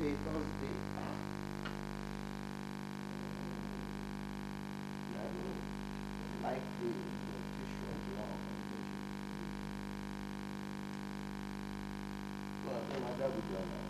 way all the way up. I would like to show law conversion.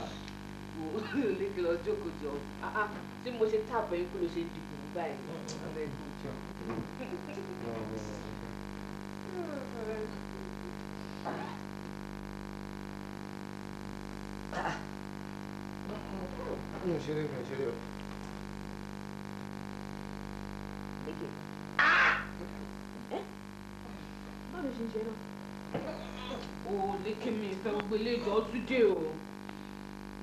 wò ó lè lọ jókòó jọ tí mo ṣe táàbọ̀ yín kó ló ṣe dìbò báyìí ọ̀rẹ́ mi jọ. Não, cheirei, não, cheirei. Ah! É? Olha, gente, não. Ô, lè kí mi ìfẹ́ gbogbo ilé ìjọ tún dé o.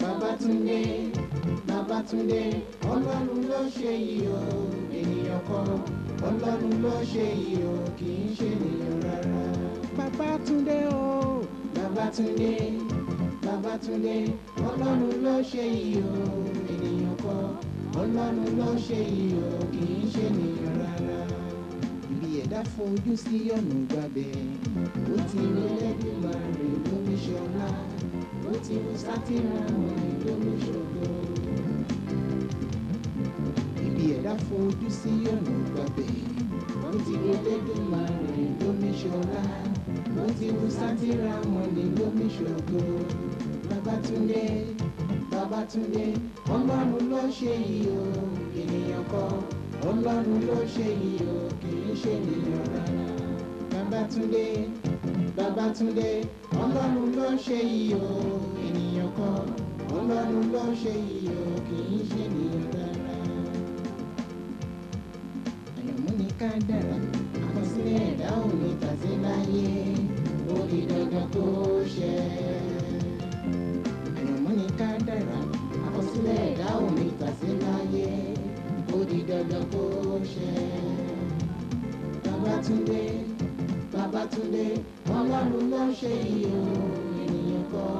Babatunde Babatunde Ọlọ́run ló ṣe yìí o ènìyàn kọ́ Ọlọ́run ló ṣe yìí o kì í ṣe ènìyàn rárá. Babatunde o Babatunde Babatunde Ọlọ́run ló ṣe yìí o ọlọ́run ló ṣe iyọ̀ kì í ṣe nìyàn rárá ibi ẹ̀dá fojú sí ọ̀nà gbàgbẹ́ ó ti ní lẹ́dùnmáre lómi ṣọlá ó ti mú sátìrànwé lómi ṣògo ibi ẹ̀dá fojú sí ọ̀nà gbàgbẹ́ ó ti ní lẹ́dùnmáre lómi ṣọlá ó ti mú sátìrànwé lómi ṣògo Babátúndé Babátúndé ṣe yìí o ènìyàn kọ́ ọlọ́run ló ṣe yìí o kìí ṣe ènìyàn rárá. Babátúndé Babátúndé ọlọ́run ló ṣe yìí o ènìyàn kọ́ ọlọ́run ló ṣe yìí o kìí ṣe ènìyàn rárá. àyànmú ni ká dára àkọsílẹ̀ ẹ̀dá ò ní láyé ó di dandan kó ṣẹ. àyànmú ká dára àkọsílẹ̀ ẹ̀dá omi tàsí láyé ó di dandan kó ṣẹ. Babátúndé Babátúndé Ọlọ́run ló ṣe iyò ènìyàn kọ́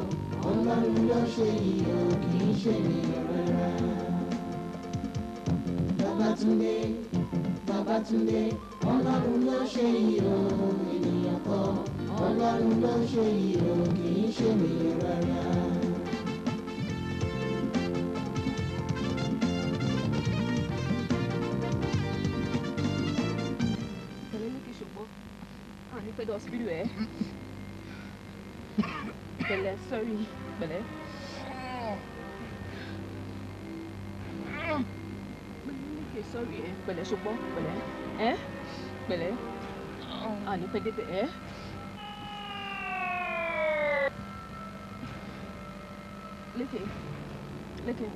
Ọlọ́run ló ṣe iyò kì í ṣe ènìyàn rárá. Babátúndé Babátúndé Ọlọ́run ló ṣe iyò ènìyàn kọ́ Ọlọ́run ló ṣe iyò kì í ṣe ènìyàn rárá. boleh. boleh, sorry. Boleh. Okay, sorry eh. Boleh cuba? Boleh? Eh? Boleh? Oh. Ah, ni pedih tak eh? Lekih. Lekih.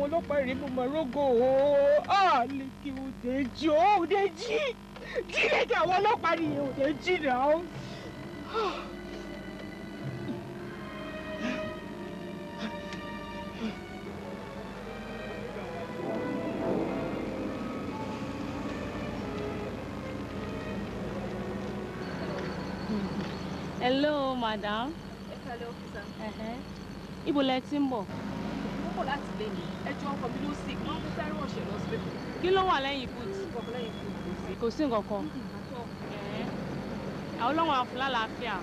àwọn ọlọ́pàá ìrìbù mọ̀rógò ooo àlèkè òdèjì ooo òdèjì dílẹ̀kẹ̀ àwọn ọlọ́pàá nìyẹn òdèjì náà. Hello, madam. Hello, officer. Uh-huh. Ibu lẹ ti ń kí ló wà lẹ́yìn boot kò sí nǹkan kan ọlọ́run á fún lálàáfíà.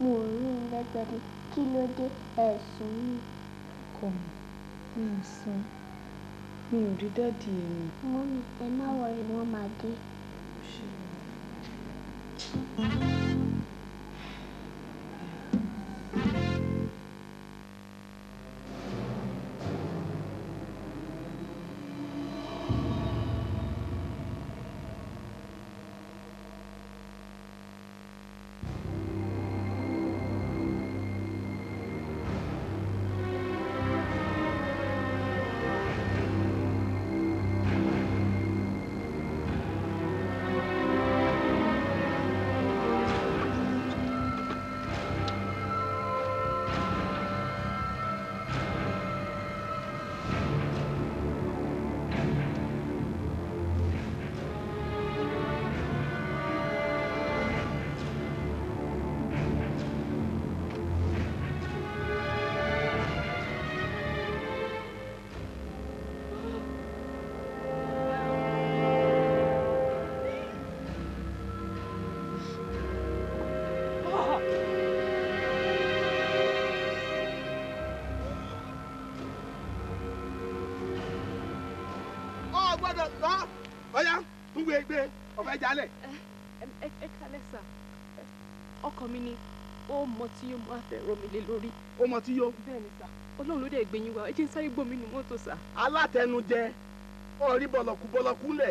mo ò rí i lẹ́jọ́ ni kí ló dé ẹ̀sùn yìí. ọkọ mi ò sùn mi ò rí dáàdi ẹ̀yìn. mọ́mí ẹ má wọrí wọ́n máa dé. Thank you. fẹ́ jalẹ̀. ẹ kalẹ̀ sà ọkọ mi ni ó mọ tí yóò máa fẹ́ rọ mi lé lórí. ó mọ tí yóò. bẹ́ẹ̀ni sà Ọlọ́run ló dé gbé yín wá ẹ jẹ́ ń sáré gbómi nu mọ́tò sà. alátẹnujẹ orí bọlọkú bọlọkú lẹ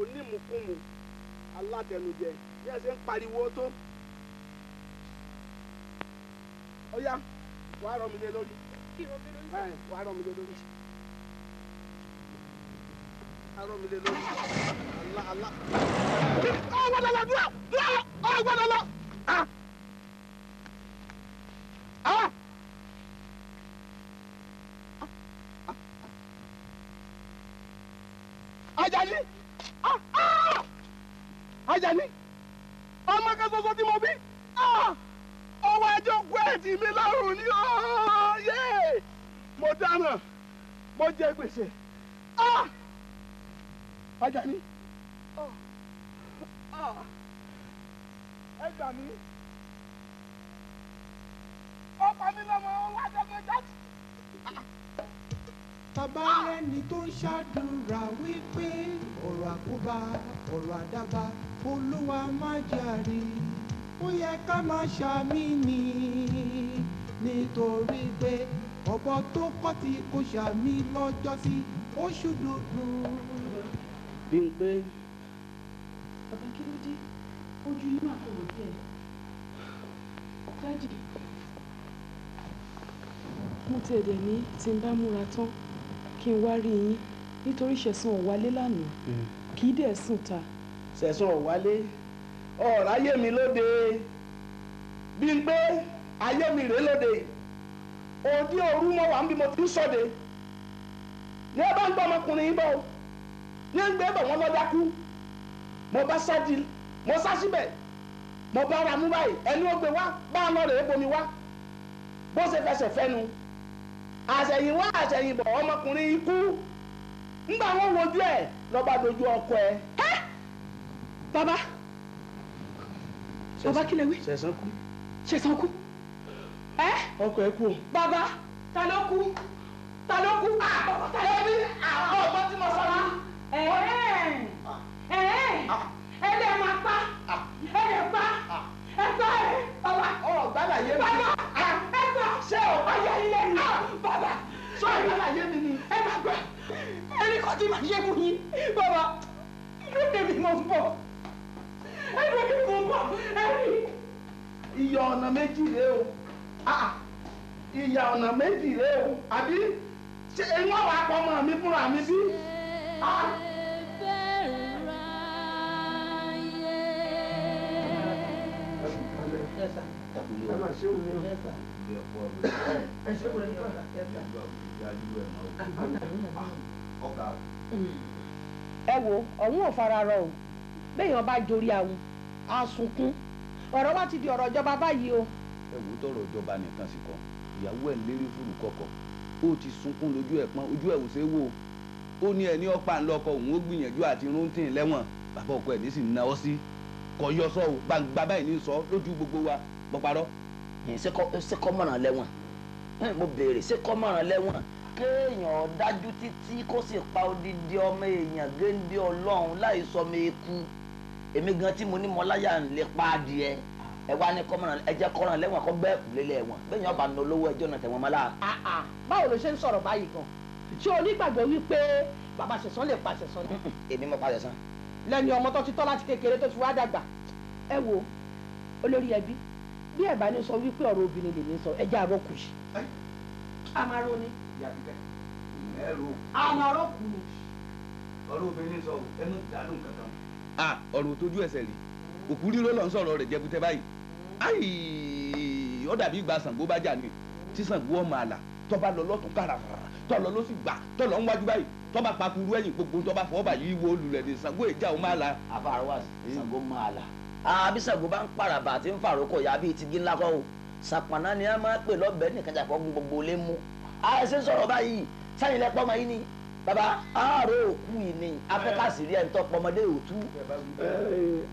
onímùkùmù alátẹnujẹ bí ẹ ṣe ń pariwo tó ó yá wàá rọ mi lé lórí wàá rọ mi lé lórí arọ́ mi lé lórí alá alá. ọwọ́ lọ́lọ́ dúró dúró ọwọ́ lọ́lọ́. Ah. Ah. Ah. Ajani Ajani ọmọ kan ṣoṣo tí mo bí ọwọ́ ẹjọ́ gbẹ́ẹ̀dì mi lọ́rùn ni ó yé mo dáná mo jẹ gbèsè. Ajani. Ẹ gbà mí. Ọkọ mi lọ́mọ wá dọ́gbọ́n jáde. Bàbá ẹni tó ń ṣàdúrà wípé ọ̀rọ̀ àkóbá ọ̀rọ̀ àdábá Olúwa má jàre. Ó yẹ ká máa ṣàmì ni nítorí pé ọ̀bọ tó kọ́ ti kò ṣàmì lọ́jọ́sí ó ṣùdùdù. Bímpé. Bàbá kí ló dé? Ojú yín máa kọ̀wé bẹ́ẹ̀. Dádì. Mo tẹ̀lé ní tí n bá múra tán kí n wá rí yín nítorí ṣẹ̀sùn ọ̀wálé lánàá hmm. kì í dẹ̀ sùn ta. ṣẹ̀sùn ọ̀wálé ọ̀rọ̀ ayé mi lóde Bímpé ayé mi rèé lóde òdi òru mọ́ wà ń bí mo ti ń sọ̀de ní ẹ bá ń gbọ́ ọmọkùnrin yìí bọ́ o ní ń gbé bọ̀ wọ́n lọ́ọ́ dákú mo bá sáàdì mo sá síbẹ̀ mo bá ra mú báyìí ẹni ó gbé wá bá a lọ rèé bomi wá bó ṣe fẹsẹ̀ fẹ́nu àṣẹ̀yìnwá àṣẹ̀yìnbọ̀ ọmọkùnrin ikú ńgbà wọn wojú ẹ̀ lọ́ba dojú ọkọ ẹ̀ ẹ́ bàbá bàbá kí lè wí ṣẹ̀sán kú ṣẹ̀sán kú ẹ́ ọkọ ẹ̀ kú o bàbá ta ló kú ta ló kú àwọn ah! ah, ọmọ tí mo sọ wá ẹlẹ́ máa pa ẹlẹ́ pa ẹ̀fọ́ rẹ̀ bàbá. ọ gbàdà yé mi. bàbá ẹ̀fọ́ ṣé o ayé ilé mi. bàbá ṣé o gbàdà yé mi ni. ẹ máa gbà ẹni kan tí màá yé mu yín bàbá ìlú tèmi mọ̀ ń bọ̀ ẹ̀rọ mi mọ̀ ń bọ̀ ẹ̀rí. ìyá ọ̀nà méjì rèé o ìyá ọ̀nà méjì rèé o àbí ṣé eyín wà wá pọ̀ mọ́ mi fúnra mi bí ẹ wo ọ̀hún ò fara rọ o béèyàn bá jorí àwọn á ọ̀rọ̀ wa ti di ọ̀rọ̀ ìjọba báyìí o. ẹ wo tọrọ ìjọba nìkan sì kọ ìyàwó ẹ lérí fúrukọkọ ó ti sunkún lójú ẹ pọn ojú ẹ ò ṣe é wò ó ó ní ẹni ọ̀pá ńlọkọ òun ó gbìyànjú àti rúntìn lẹ́wọ̀n bàbá ọkọ ẹ̀ ní sì náwó sí kọ yọ sọ o gbangba báyìí ní sọ lójú gbogbo wa mo parọ́. ṣé kọ́ mọ̀ràn lẹ́wọ̀n mo béèrè ṣé kọ́ mọ̀ràn lẹ́wọ̀n kéèyàn dájú títí kó sì pa odidi ọmọ èèyàn géńdé ọlọ́run láì sọmọ eku èmi gan tí mo ní mọ láyà ń lè pa adìẹ ẹ wá ní kọ́mọ̀ràn ẹ jẹ́ kọ́ràn lẹ́wọ̀n kọ́ bẹ́ẹ̀ kúlélẹ̀ ẹ̀wọ̀n bẹ́ẹ̀ yẹn ọba nà olówó ẹjọ́ nà tẹ̀wọ̀n mọ́lá. Ah, ah, báwo ló ṣe ń sọ̀rọ̀ báyìí gan-an ṣé o nígbàgbọ́ wípé bàbá ṣẹ̀sán lè pa ṣẹ̀sán ni. èmi mo pa ṣẹ̀sán. lẹ́ni ọmọ tó ti tọ́ láti kékeré tó ti wá dàgbà ẹ wo olórí ẹbí bí ẹ bá ní sọ wípé ọ̀rọ̀ obìnrin lèmi sọ ẹ jẹ́ àrọ́kù yìí. amaro ni. amaro kù ni. ọ̀rọ̀ obìnrin sọ ẹnu dàlú kankan. a ọ̀rọ̀ tójú ẹsẹ̀ rí òkú ríró lọ ń sọ̀rọ̀ rẹ̀ jẹ́kútẹ́ báyìí ayi ó dàbí ìgbà Ṣàngó bá jà ní tí Ṣàngó ọmọ àlà tó bá lọ lọ́tún kára fara tọ̀lọ́ ló sì gbà tọ̀lọ́ ń wájú báyìí tọ́ba pakuru ẹ̀yìn gbogbo tọ́ba fọ́ bá yìí wo olùlẹ̀ ní Ṣàngó ìjà ó máa la. àfa àrùwá Ṣàngó máa la. àbí Ṣàngó bá ń paraba àti ń fàrókọ̀ yà bí ìtìgí ńlá kọ́ o sàpàná ni a máa pè lọ́bẹ̀ẹ́ nìkan jà fọ́ gbogbo lé mú. a ṣe sọ̀rọ̀ báyìí sáyìn lẹ́pọ̀ máa yín ni baba àárọ̀ òkú yìí ni afẹ́kàsì rí ẹni tọ́pọ̀ ọmọdé òtú.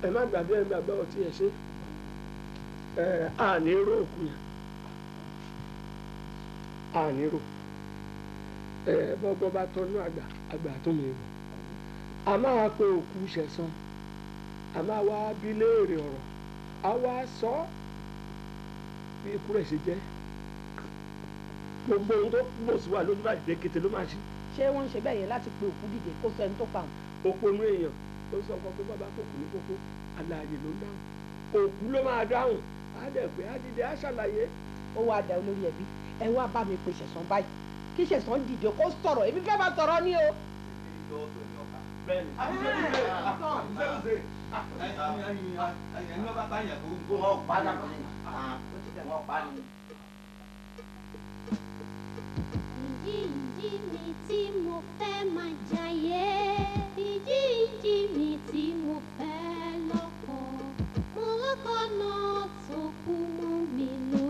ẹ má gbàgbé ẹ gbàgbé ọtí ẹ ṣe àní rò òkú yẹn àní rò bọ́gbọ́n bá tọ́nú àgbà àgbà tó lè wọ̀ a máa pe òkú ṣẹ̀san a máa wá bí léèrè ọ̀rọ̀ a wá sọ bí ikú rẹ̀ ṣe jẹ́ gbogbo ohun tó gbò sí wa lójú bá dìde kété ló máa ṣe. ṣé wọ́n ń ṣe bẹ́ẹ̀ yẹn láti pe òkú dìde kó sọ ẹni tó pa òun. òpó inú èèyàn ló sọ fún pé bàbá kòkó ní kókó àlàyé ló ń dáhùn òkú ló máa dáhùn á dẹ̀ pé á dìde á ṣàlàyé. ó wá dà olórí ẹbí ẹ wá bá mi pe ṣẹ̀san báyìí kí ṣẹ̀sán dìde kó sọ̀rọ̀ èmi fẹ́ bá sọ̀rọ̀ ni o. ìjì ìjì mi tí mo fẹ́ máa jayé ìjì mi tí mo fẹ́ lọ́kọ̀ọ́ mo lọ́kọ̀ọ́ náà tó kú mọ́ mi lọ.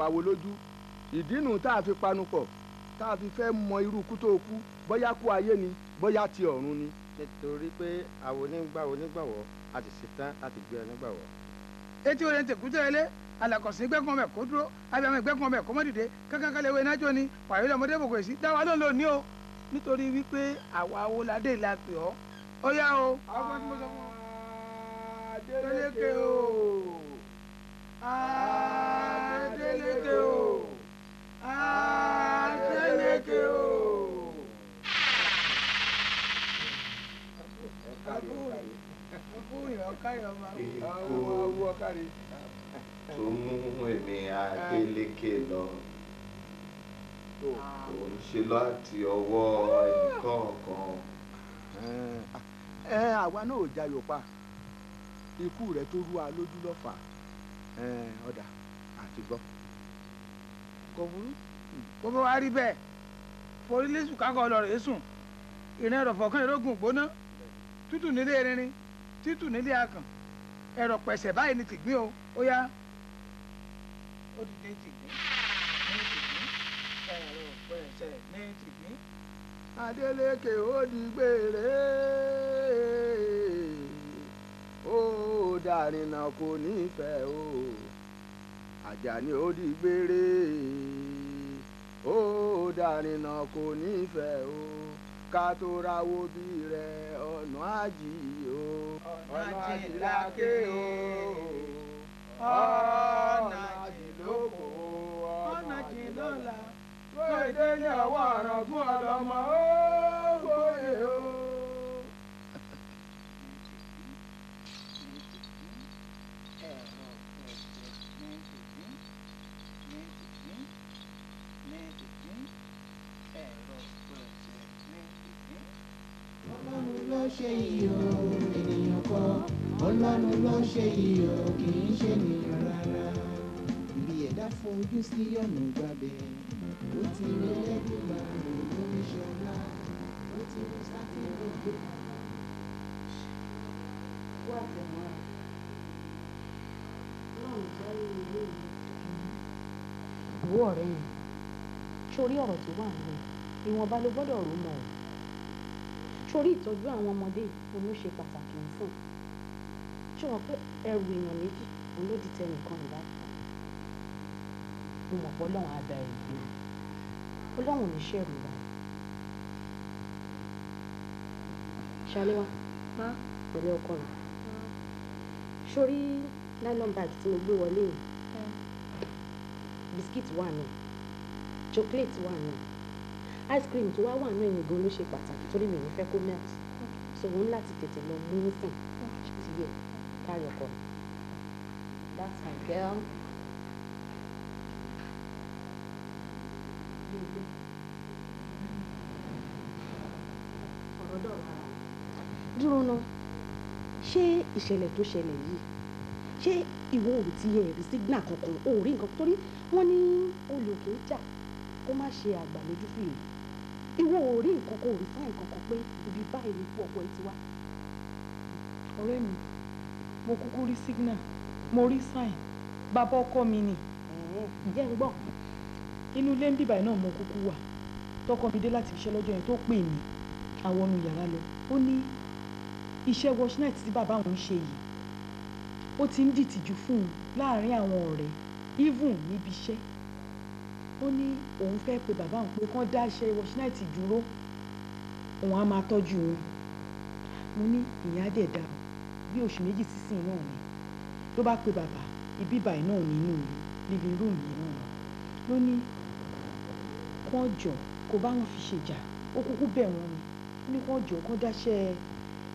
wa wo lójú ìdínú tá a fi panupọ̀ tá a fi fẹ́ mọ irú kú tó kú bóyá kú ayé ni bóyá ti ọ̀run ni. nítorí pé àwọn onígbàwọ̀ onígbàwọ̀ a ti ṣetán a ti gbé onígbàwọ̀. etí orin ti kújọ ilé alakọsí gbẹkùn ọbẹ kó dúró abiyamọ gbẹkùn ọbẹ kó mọdìde kankankalẹ wẹ nájọ ni wàyí lọmọdé bòkò èsì dáwà ló ń lò ní o nítorí wípé àwa awolade la pè ọ ó yá o. àwọn tí mo sọ fún ọ. Adeleke o. Adeleke o. Adeleke o. Adeleke o. Èkó tó mú èmi Adeleke lọ. Kò ń ṣe láti ọwọ́ ẹnìkan kan. Ẹ àwa náà ò jayò pa. Ikú rẹ̀ tó rú wa lójú lọ́fà. Ọ̀dà àti gbọ́. kò burú bó bá wá rí bẹ́ẹ̀ forí lẹ́sùn kákọ́ ọlọ́rẹ̀ yéṣùn ìrìn ẹ̀rọ̀ fọ̀kàn ìrógùn gbóná tútù nílé erinrin títù nílé akàn ẹ̀rọ̀ pẹ̀sẹ̀ báyìí ni tìgbín o ó yá ó ti dé tìgbín ní tìgbín ó di ó kò nífẹ̀ẹ́ Àjàní ó di gbére ó dàrínà kò nífẹ̀ẹ́ o ká tó rawó bí rẹ ọ̀nà àjì o ọ̀nà àjì làáké o ọ̀nà àjì lóko ọ̀nà àjì lọ́la kó èdè ní ọwọ́ àrọ̀gún ọlọ́mọ ó kó èrò. ọlọ́run ló ṣe iyọ̀ ènìyàn kọ́ ọlọ́run ló ṣe iyọ̀ kì í ṣe ènìyàn rárá ibi ẹ̀dá fojú sí ọ̀nà gbàgbẹ́ ó ti rí lẹ́gbẹ̀ẹ́ àrùn lóríṣọlá ó ti rí sátẹ́lẹ̀ gbé wà tẹ̀wọ́n ọlọ́run jáde ilé ìlú ìwọ ọ̀rẹ́ yẹn sórí ọ̀rọ̀ tó wà ń ìwọ̀nba ló gbọ́dọ̀ rò mọ́ ọ torí ìtọ́jú àwọn ọmọdé òun ṣe pàtàkì fún ṣé wọn pé ẹrù èèyàn méjì òun ló dìtẹ̀ nìkan ìlà mo mọ̀ pé ọlọ́run á bẹ̀rẹ̀ ìgbé ọlọ́run ò ní ṣẹ̀rù wa. ṣàlẹ́wà pẹ̀lẹ́ ọkọ rẹ̀ sórí nylon bag tí mo gbé wọlé yìí bisikíìtì wà náà chocolate wà náà ice cream tó wá wà nínú ẹ̀yìn gan ló ṣe pàtàkì torí mi ò ní fẹ́ kó melt so òun láti tètè lọ mú un sìn ti yẹ kárí ọkọ mi that's my girl. dúró ná ṣé ìṣẹ̀lẹ̀ tó ṣẹlẹ̀ yìí ṣé ìwọ ò ti yẹ ẹ̀rí sígbà kankan ò rí nǹkan torí wọ́n ní olùkè jà kó má ṣe àgbà lójú fìlè ìwọ ò rí nǹkan kan ò rí sáì kankan pé ibi báyìí ni ikú ọkọ ẹ ti wá. ọ̀rẹ́ mi mo kúkú rí signal mo rí sign bàbá ọkọ mi ni. ǹjẹ́ ń gbọ́. inú ilé ń bíbà náà mo kúkú wà tọkọ mi dé láti iṣẹ́ lọ́jọ́ yẹn tó pè mí àwọn ọ̀nù yàrá lọ ó ní iṣẹ́ wash night tí bàbá òun ṣe yìí ó ti ń dìtìjú fún un láàárín àwọn ọ̀rẹ́ even níbi iṣẹ́ ó ní òun fẹ́ pe bàbá òun pé kán dá iṣẹ́ wọ́ṣínáìtì dúró òun á máa tọ́jú wọn mo ní ìyá dẹ̀ dá bí oṣù méjì sísìn náà ni ló bá pe bàbá ibi báyìí náà nínú mi living room yìí náà ló ní kán jọ kó bá wọn fi ṣèjà ó kúkú bẹ̀ wọ́n ni ó ní kán jọ kán dáṣẹ́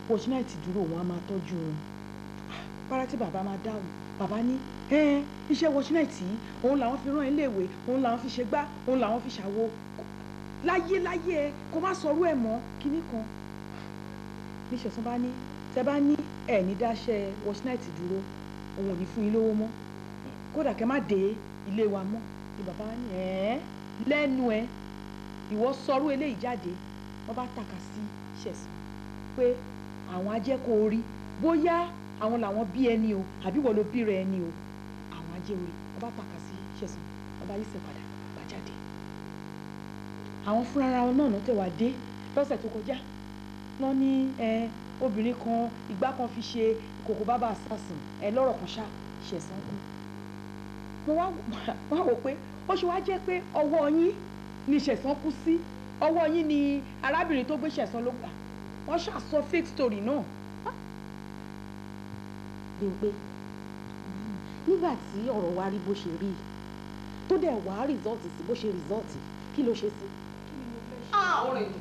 wọ́ṣínáìtì dúró òun á máa tọ́jú wọn ah, para tí bàbá máa dáhùn bàbá ní iṣẹ́ wọ́ṣínẹ́ẹ̀tì yìí òun làwọn fi rán iléèwé òun làwọn fi ṣe gbá òun làwọn fi ṣàwo láyé láyé ẹ kó má sọ ọ̀rọ̀ ẹ̀ mọ́ kinní kan níṣẹ́ tó bá ní tẹ bá ní ẹ̀ ní dáṣẹ́ wọ́ṣínẹ́ẹ̀tì dúró òun ò ní fún yín lówó mọ́ kódà kẹ́ má dé ilé wa mọ́ ni bàbá ní ẹ̀ lẹ́nu ẹ̀ ìwọ sọrú eléyìí jáde wọ́n bá tàka sí ṣẹ̀sán pé àwọn ajẹ́kọ̀ọ́ orí bóyá àwọn làwọn bí ẹni o àbí wọ́n ló bí rẹ ẹni o jíire ọba tàkà sí ṣẹ̀sán ọba yìí sì padà bá jáde àwọn fúnra wọn náà tẹ̀ wá dé lọ́sẹ̀ tó kọjá lọ ní obìnrin kan ìgbà kan fi ṣe ìkòkò bàbá sàsùn ẹ lọ́rọ̀ kan ṣá ṣẹ̀sán kú mo wá wò pé ó ṣe wá jẹ́ pé ọwọ́ yín ni ṣẹ̀sán kú sí ọwọ́ yín ni arábìnrin tó gbé ṣẹ̀sán ló gbà wọ́n ṣàsọ fake story náà nígbà tí ọ̀rọ̀ wa rí bó ṣe rí tó dẹ̀ wá rìsọ́ọ̀tì sí bó ṣe rìsọ́ọ̀tì kí ló ṣe sí. ọ̀rìn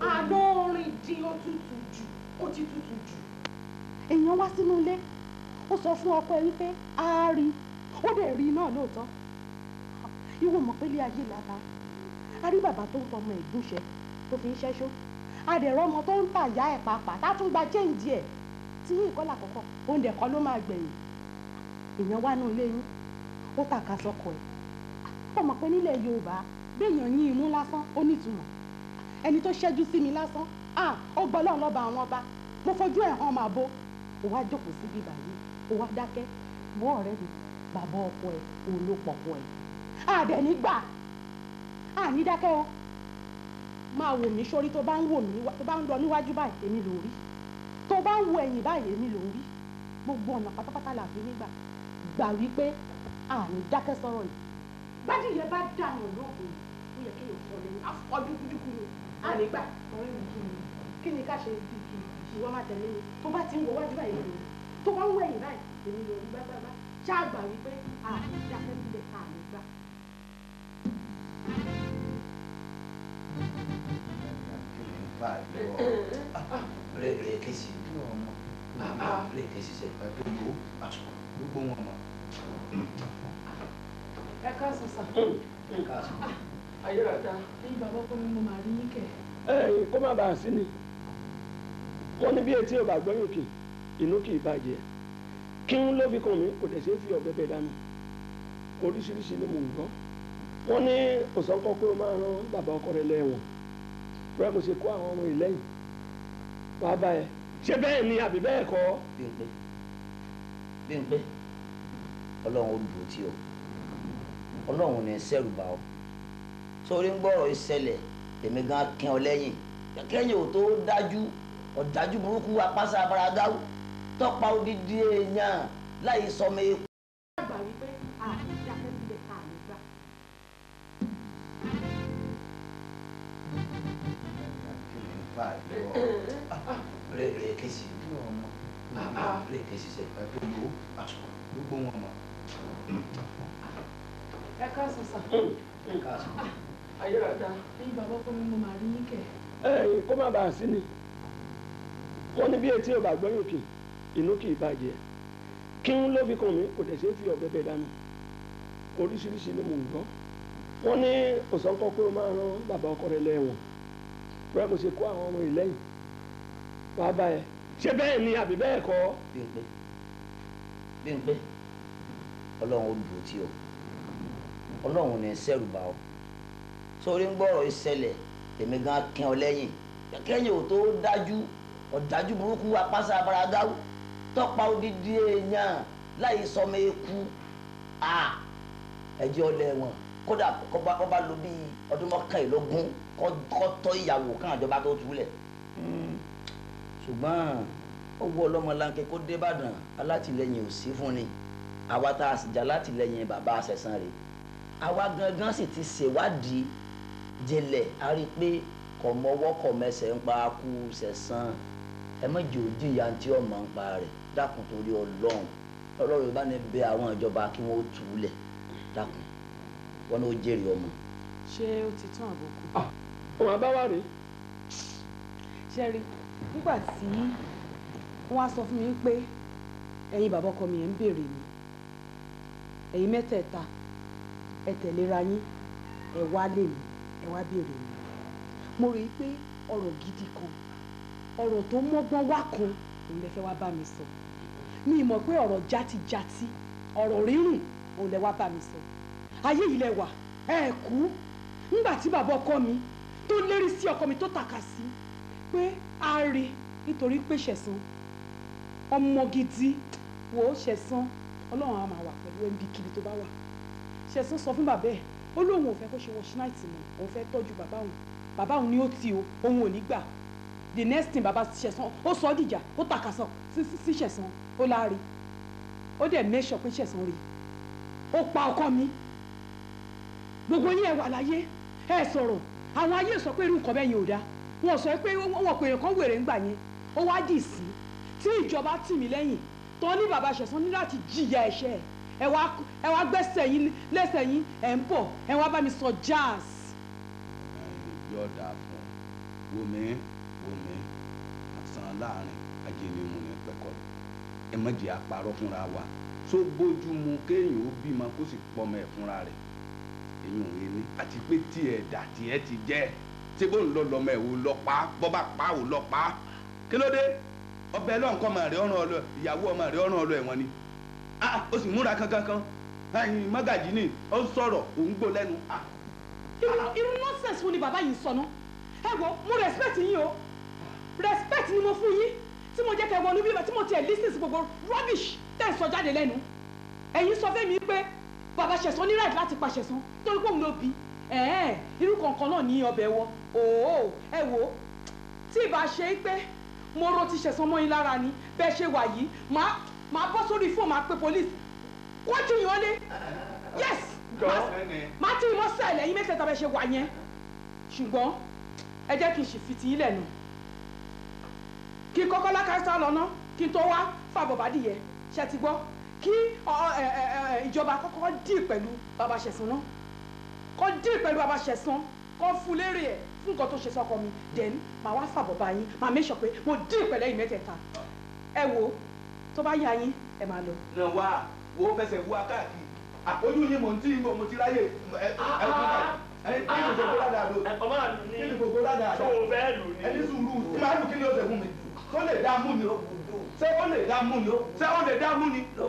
àná orin di ó tutù jù ó ti tutù jù. èèyàn wá sínú ilé ó sọ fún ọkọ ẹ wípé a rí ó dẹ̀ rí náà lóòótọ́ ìwọ mọ̀ pé ayé làbá a rí bàbá tó ń fọmọ ẹ̀gúnṣẹ́ tó fi ń ṣẹ́ṣó a dẹ̀ rọ́mọ tó ń tàyà ẹ̀ pàápàá tá a tún gba chéǹjì ẹ̀ ti yín ìkọ́là àkọ́kọ́ oúnjẹ kan ló máa gbẹ̀yìn èèyàn wá nù ilé yín ó tàka sọkọ ẹ̀ ó mọ̀ pé nílẹ̀ Yorùbá béèyàn yín imú lásán ó nítumọ̀ ẹni tó ṣẹ́jú sí mi lásán ó gbọ́ lọ́run lọ́ba àwọn ọba mo fojú ẹ̀ hàn máa bo ó wá jókòó síbi báyìí ó wá dákẹ́ wọ́ ọ̀rẹ́ mi bàbá ọkọ ẹ̀ òun ló pọ̀pọ̀ ẹ̀ àdẹ̀ní gbà àní dákẹ́ o máa wò mí sórí tó bá ń wò mí tó bá ń lọ níwájú báyìí èmi lò rí tó bá ń wo ẹ̀yìn báyìí èmi ló ń wí gbogbo ọ̀nà pátápátá là fi nígbà gbà wípé àní dákẹ́ sọ̀rọ̀ yìí. bájú yẹn bá dànù lóògùn ó yẹ kéèyàn fọ lẹ́yìn afọjú kújúkú ni àní gbà ọ̀rẹ́ mi kí ni kí ni ká ṣe bí kí ìwọ máa tẹ̀lé mi tó bá ti ń wo wájú báyìí ló tó bá ń wo ẹ̀yìn báyìí èmi ló ń gbàgbàgbà ṣáà wípé àní dákẹ́ sílẹ̀ àní gbà. Vai, Ah, lè tẹ̀ ṣiṣẹ́ gbogbo gbogbo wọn mọ̀. ẹ káàsán sà. ẹ káàsán. ayọ̀dá. ẹ̀yin bàbá kọ́ mi mo máa rí yín kẹ̀. ẹ ẹ kó má bàa sí ni wọ́n ní bí etí ò bá gbọ́ yòókè inú kì í bàjẹ́ kí n ló fi kàn mí kò dẹ̀ ṣe é fi ọ̀bẹ bẹ dá mi oríṣiríṣi ni mò ń gbọ́ wọ́n ní òsànkọ́ pé ó máa rán bàbá ọkọ rẹ̀ lẹ́wọ̀n rẹ́ mo ṣe kó àwọn ọmọ ìlẹ́yìn bàbá ẹ̀ ṣé bẹ́ẹ̀ ni àbí bẹ́ẹ̀ kọ́. Bímpé Bímpé ọlọ́run ó dùn tí o ọlọ́run ní sẹ́rù bá ọ sórí ń gbọ́rọ̀ ìṣẹ̀lẹ̀ èmi gan kẹ́ ọ lẹ́yìn kẹ́yìn ò tó dájú ọ̀dájú burúkú apáṣá abaragáwó tọ́pa odidi èèyàn láì sọmọ eku. Bye lẹ́ẹ̀kẹ́ kẹ́sì lẹ́ẹ̀kẹ́ sísẹ́ gbogbo gbogbo wọn mọ̀. ẹ káàsán sà. Hmm. ẹ káàsán. ayélujára. ẹ̀yin bàbá kọ́ ni mo máa rí yín kẹ́. ẹ kó má bàa sí ni wọ́n ní bí etí ò bá gbọ́yìn kì inú kì í bàjẹ́ kí n ló fi kàn mí kò dẹ̀ ṣe é fi ọ̀bẹ bẹ̀ dànù oríṣiríṣi ni mò ń gbọ́ wọ́n ní òsán kọ́ pé ó máa rán bàbá ọkọ rẹ̀ lẹ́wọ̀n pé kò ṣe kó àwọn ọmọ ìlẹ́yìn wàá bá yẹ ṣé bẹ́ẹ̀ ni àbí bẹ́ẹ̀ kọ́. Bímpé Bímpé ọlọ́run ó dùn tí o ọlọ́run ní sẹ́rù bá ọ sórí ń gbọ́rọ̀ ìṣẹ̀lẹ̀ èmi gan kẹ́ ọ lẹ́yìn kẹ́yìn ò tó dájú ọ̀dájú burúkú apáṣá abaragáwó tọ́pa odidi èèyàn láì sọmọ eku ẹjẹ́ ọlẹ́ wọn kódà kọ́ba lo bíi ọdún mọ́kànlélógún kọ́ tọ́ ìyàwó káàjọba tó túlẹ̀. Hmm ṣùgbọ́n owó ọlọ́mọlanke kó dé Ìbàdàn alátìlẹyìn ò sí fún ni àwa tá a sì já látìlẹyìn bàbá àṣẹ̀sán rẹ̀ àwa gangan sì ti ṣèwádìí jẹlẹ̀ a rí i pé kò mọwọ́ kò mẹsẹ̀ ń pa kú ṣẹ̀sán ẹ má jẹ́ ojú ìyá ọmọ ń pa rẹ̀ dákun torí ọlọ́run ọlọ́run yóò bá ní bẹ àwọn ìjọba kí wọ́n tù ú lẹ̀ dákun wọn ni ó jèrè ọmọ. ṣé ó ti tán àbùkù. Ah, ọmọ àbáwá rèé. rí i nígbà tí wọ́n á sọ fún mi pé ẹ̀yin bàbá ọkọ mi ẹ̀ ń béèrè mi ẹ̀yin mẹ́tẹ̀ẹ̀ta ẹ tẹ̀léra yín ẹ wá lé mi ẹ wá béèrè mi mo rí i pé ọ̀rọ̀ gidi kan ọ̀rọ̀ tó mọ́gbọ́n wá kan òun lè fẹ́ wá bá mi sọ mi mọ̀ pé ọ̀rọ̀ játijáti ọ̀rọ̀ rírùn òun lè wá bá mi sọ ayé yìí lẹ wà ẹ kú nígbà tí bàbá ọkọ mi tó lérí sí ọkọ mi tó tàka sí i pé a rí nítorí pé ṣẹ̀san ọmọ gidi wò ó ṣẹ̀san ọlọ́run á máa wà pẹ̀lú ẹnbí kiri tó bá wà ṣẹ̀san sọ fún bàbá ẹ̀ ó lóun ò fẹ́ kó ṣe wọ́n ṣínáìtì mọ́ òun fẹ́ tọ́jú bàbá òun bàbá òun ni ó ti o òun ò ní gbà the next thing bàbá ṣẹ̀san ó sọ ọ́ dìjà ó tàkàsọ sí ṣẹ̀san ó láàrin ó dẹ̀ make sure pé ṣẹ̀san rí ó pa ọkọ mi gbogbo yín ẹ wà láyé ẹ sọ̀rọ̀ àwọn ayé sọ pé irú nǹkan bẹ́ẹ̀ yẹn ò dáa wọn sọ pé wọn pè èèyàn kan wèrè ń gbà yẹn ó wá dì sí tí ìjọba tì mí lẹ́yìn tó ní bàbá ṣẹ̀san ní láti jìyà ẹ̀ṣẹ̀ ẹ̀ ẹ wá gbẹ́sẹ̀ yín lẹ́sẹ̀ yín ẹ̀ ń bọ̀ ẹ wá bá mi sọ jazz. yọ̀ọ̀dà fún wọmi wọmi àtàn láàrin ajẹnimu ní pẹ̀kọ́ ẹ má jẹ́ àparọ́ fúnra wa tó bójú mu kéèyàn ó bímọ kó sì pọmọ ẹ̀ fúnra rẹ̀ èyí ò ní àti pé tí ẹ̀ dà tí ẹ ti jẹ́ ẹ̀ tí bó ń lọ lọmọ ẹ̀ wò lọ pa bọ́bá pa ò lọ pa kí ló dé ọbẹ̀ lọ́n ọmọ rẹ̀ ọ̀ràn ọlọ ìyàwó ọmọ rẹ̀ ọ̀ràn ọlọ ẹ̀wọ̀n ni ah, ó sì múra kankankan ẹyin mágàjì ni ó ń sọ̀rọ̀ òun gbó lẹ́nu. Ah. irú nonsense wo ni bàbá yìí ń sọ náà ẹ wò mo respect yín o respect ni mo fún yín tí mo jẹ́ kẹ́ wọnú bíbẹ̀ tí mo tiẹ̀ listen sí gbogbo rubbish tẹ̀ ń sọ jáde lẹ́nu ẹ̀yin sọ fẹ́ mi pé bàbá ṣẹ̀sán ní right láti pa ṣẹ̀sán torí pé òun ló bí irú kankan náà ní ọbẹ̀ wọ òó oh, ẹ wo tí ìbá ṣe é pé mo ro ti ṣẹ̀sán mọ́ yín lára ni bẹ́ẹ̀ ṣe wà yìí màá màá bọ́ sórí fóònù máa pe police kójú yín ó lé yes màá tí mo sẹ́ẹ̀lẹ̀ yín mẹ́tẹ̀ẹ̀ta bẹ́ẹ̀ ṣe wà yẹn ṣùgbọ́n ẹ jẹ́ kí n ṣì fi ti ilẹ̀ nù kí kọ́kọ́ lákàtà lọ́nà kí n tó wá fàbọ̀ bá dìyẹ ṣe ti gbọ́ kí ìjọba kọ́kọ́ dì pẹ̀lú bàbá ṣẹ̀sán náà kọ́ dì pẹ̀lú bàbá ṣẹ̀sán kọ́ fún ẹ̀ nǹkan tó ṣe sọ́kọ mi then màá wá fàbọ̀ bá yín màá make sure pé mo dín ìpẹ̀lẹ́ yìí mẹ́tẹ̀ẹ̀ta ẹ wo tó bá yá yín ẹ máa lọ. nà wá wo fẹsẹ̀ wú akáàkiri àpọ́jú yín mò ń tí mo ti ráyè ẹ ẹni gbogbo ládàá lò ẹni gbogbo ládàá lò ẹni sùúrù máa lù kí ni ó ṣe fún mi tó lè dá mú ni ó ṣé ó lè dá mú ni ó ṣé ó lè dá mú ni ó.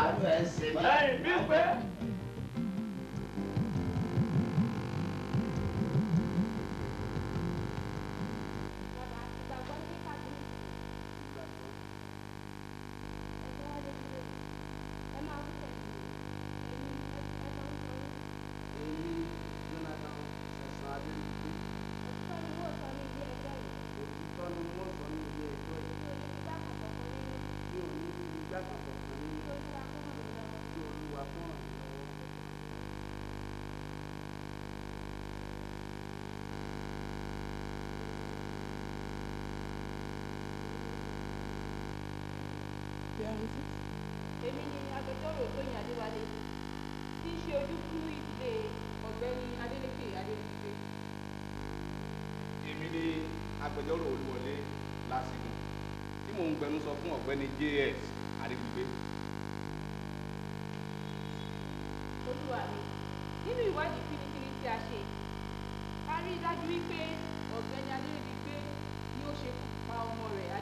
àánú ẹ ṣe mí. ẹ̀yin bí pé. ògúnwúsì èmi ni agbẹjọ́rò tóyìn adéwálé tí í ṣe ojúkúrú ìdílé ọ̀gbẹ́ni adeleke adeleke. èmi ni agbẹjọ́rò olúwọlé lásìkò tí mò ń gbẹnusọ fún ọ̀gbẹ́ni js adeleke. olúwa mi nínú ìwádìí kínníkínní tí a ṣe a rí i dájú wípé ọ̀gbẹ́ni adeleke ni ó ṣekú pa ọmọ rẹ̀ adeleke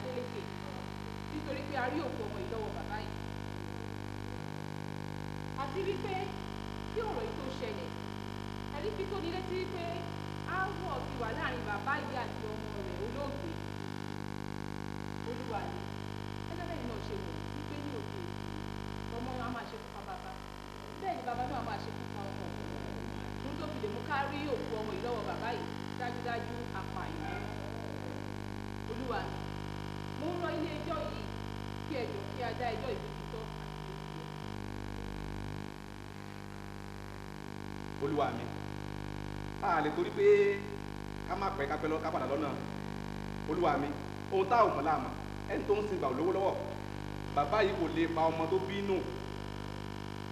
nítorí pé a rí òkú ọmọ ìdánwò bàbá yìí àti wípé kí ọ̀rọ̀ yìí tó ṣẹlẹ̀ ẹni fi tó ní létí wípé áwọ̀ ti wà láàrin bàbá yìí àti ọmọ rẹ̀ olóògbé olúwa ni ẹgbẹ́ bẹ́ẹ̀ náà ṣe wọ̀ wípé ní òkè ọmọ náà máa ṣe fún bàbá bẹ́ẹ̀ ni bàbá náà máa ṣe fún ọmọ òun tó fi lè mú ká rí òkú ọmọ yìí lọ́wọ́ bàbá yìí dájúdájú apààyàn olúwa ni mo rọ ilé ẹjọ́ yìí kí ẹ yòó kí a dá ẹjọ́ ìbí ti tọ́ àti ìbí ti yẹ. olúwa mi a lè torí pé ká má pẹ́ ká pẹ́ lọ ká padà lọ́nà olúwa mi ohun tá a ò mọ̀ láàmú ẹni tó ń sin gbà ò lọ́wọ́ bàbá yìí kò lè pa ọmọ tó bí nù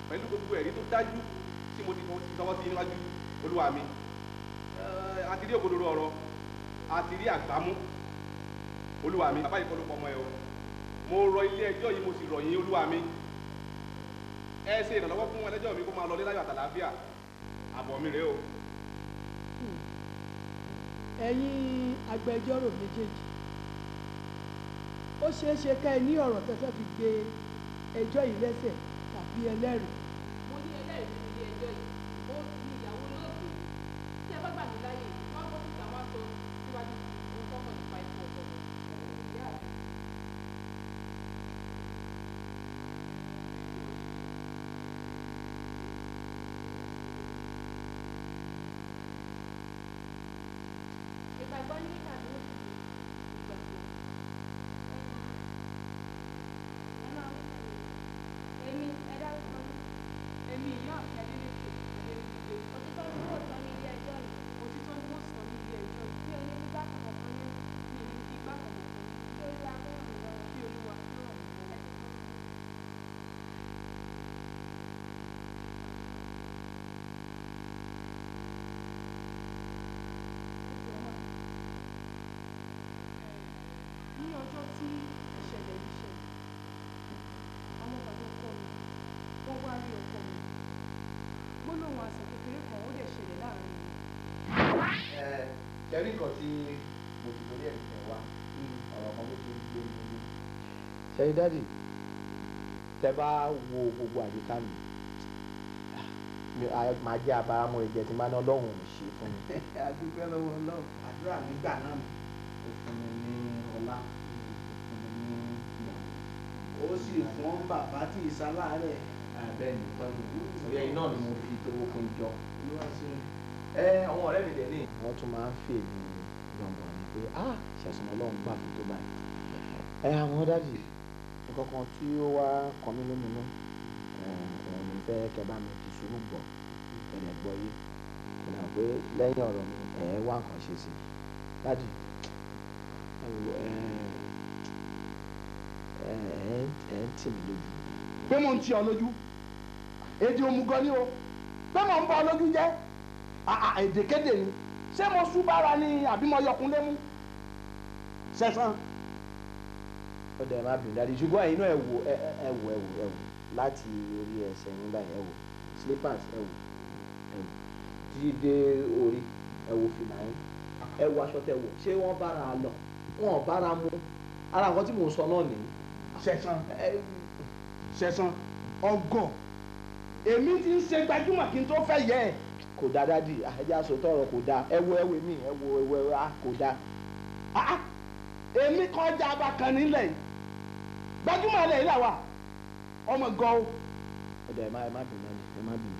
pẹ̀lú gbogbo ẹ̀rí tó dájú tí mo ti tọwọ́ sí níwájú olúwa mi a ti ọ̀rọ̀ a àgbámú olúwa mi bàbá yìí kọ́ ló pọ̀ ọmọ ẹ o mo rọ ilé ẹjọ́ yìí mo sì rọ̀ yín olúwa mi ẹ ṣe ìrànlọ́wọ́ fún ẹlẹ́jọ́ mi kó máa lọ lé láyọ̀ àtàlàáfíà àbọ̀ mi rèé o. ẹ̀yin agbẹjọ́rò méjèèjì ó ṣeé ṣe ká ẹ ní ọ̀rọ̀ tẹ́tẹ́ fi gbé ẹjọ́ yìí lẹ́sẹ̀ tàbí ẹlẹ́rìí ẹ̀yin dáàdì tẹ́ bá wo gbogbo àyíká mi máa jẹ́ àbáramọ̀ ìjẹ́ tí máa ná ọlọ́run ò ṣe fún mi. àdúgbò lọ́wọ́ ọlọ́run àdúrà nígbà náà mi kò fún mi ní ọlá kò fún mi ní ìyàwó. ó sì fún bàbá tí ìsáláàrẹ̀ abẹ́ nìkan lòdù. ọ̀yẹ́ iná ni mo fi tówó fún ìjọ. ẹ ọmọ ọ̀rẹ́ mi dẹ̀ ní. wọ́n tún máa ń fi èmi gbọ̀ngàn ni pé ah ṣàṣùmọ̀ ọlọ́run gbà fún tó báyìí. ẹ àwọn dájú nǹkan tí ó wá kàn mí lóminú ọ̀rọ̀ mi fẹ́ kẹ́ bá mi ti sùúrù gbọ́ kẹlẹ̀ gbọ́ yé kò pé lẹ́yìn ọ̀rọ̀ mi ẹ̀ wá nǹkan ṣe sí i dáàdì ẹ̀ ń tì mí lójú. pé mo ń tì ọ lójú èdè òmùgọ̀ ni o pé mo ń bọ lójú jẹ́ èdèkéde ni ṣé mo sú bára ni àbí mo yọkun lé mú sẹ́sán ọdẹ ẹ má bìí dáadé ṣùgbọ́n ẹ̀yin náà ẹ wò ẹ ẹ wò ẹ wò ẹ wò láti orí ẹsẹ̀ yín báyìí ẹ wò slippers ẹ wò ẹ wò títí dé orí ẹ wò fìlà yín ẹ wò aṣọ tẹ wò ṣé wọ́n bára a lọ wọ́n bára mu ara nǹkan tí mò ń sọ náà nìyí. sẹ̀sán sẹ̀sán ọgọ́ èmi ti ń ṣe gbajúmọ̀ kí n tó fẹ́ yẹ ẹ̀. kò dáa dáàdì ajá ah, sòtọ́ ọ̀rọ̀ kò dáa ẹ wo ẹ wo mi ẹ wo ẹ wo ẹ ah, kò dáa. Ah, èmi kọjá abakan nílẹ̀ yìí gbajúmọ̀ alẹ́ ilé àwa ọmọ gan o. ọ̀dọ̀ ẹ̀ má ẹ̀ má bínú ẹ̀ má bínú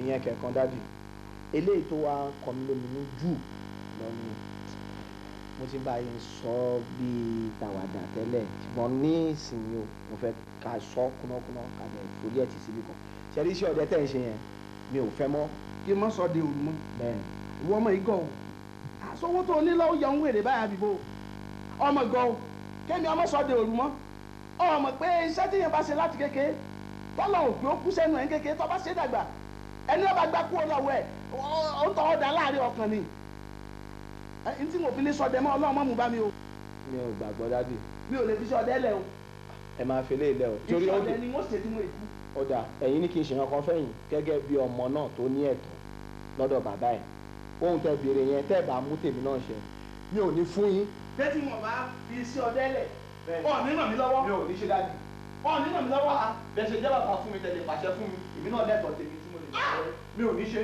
ìyẹn kẹ̀kan dáàdì eléyìí tó wá kọ́ mi lóminú jù lọ́nà mo ti bá yín sọ bíi tàwàdà tẹ́lẹ̀ ṣùgbọ́n ní ìsinyìí o mo fẹ́ ká sọ kúnákúná ká bẹ̀ forí ẹ̀ tì síbi kan ṣẹ́rí iṣẹ́ ọ̀dẹ tẹ̀ ń ṣe yẹn mi ò fẹ́ mọ́. kí n má sọ de òun mọ́ bẹ́ẹ̀ ìwọ ọmọ yìí gọ̀ o àsọwọ́ tó o ní lọ́wọ́ yọ̀ ń wèrè báyà bíbó ọmọ gọ̀ o kẹ́mi ọmọ sọ de òun mọ́ ọmọ pé iṣẹ́ tí yẹn bá ṣe láti kékeré tọ́lọ̀ òbí ó kú sẹ́nu ẹ̀ ń kékeré tọ́ bá ṣe dàgbà ẹni ọba gbá kú ọlọ́wọ́ ẹ̀ ó ń tọ́ ọ̀dà láàrin ọkàn ni n tí mo fi lè sọdẹ mọ́ ọlọ́run mọ́ mu bá mi o. mi ò gbàgbọ́ dádì. mi ò lè fi sọdẹ lẹ o. ẹ máa fi lè lẹ o. torí ọdẹ ni wọ́n ṣètò mo èkú. ọ̀dà ẹ̀yin ní kí n ṣe yankan fẹ́yìn gẹ́gẹ́ bí ọmọ náà tó ní ẹ̀tọ́ lọ́dọ̀ bàbá ẹ̀ ohun tẹ béèrè yẹn tẹ́ bá mú tèmi náà ṣe mi ò ní fún yín. bẹ́ẹ̀ tí mo bá fi sí ọdẹ lẹ̀ ọ̀ nínà mi lọ́wọ́ mi ò ní ṣe dájú ọ̀ nínà mi lọ́wọ́ ah, bẹ́ẹ̀ ṣe jẹ́ bàbá fún mi tẹ̀lé pàṣẹ fún mi èmi náà lẹ́tọ̀ọ́ tèmi tí mo lè ah! ṣe mi ò ní ṣe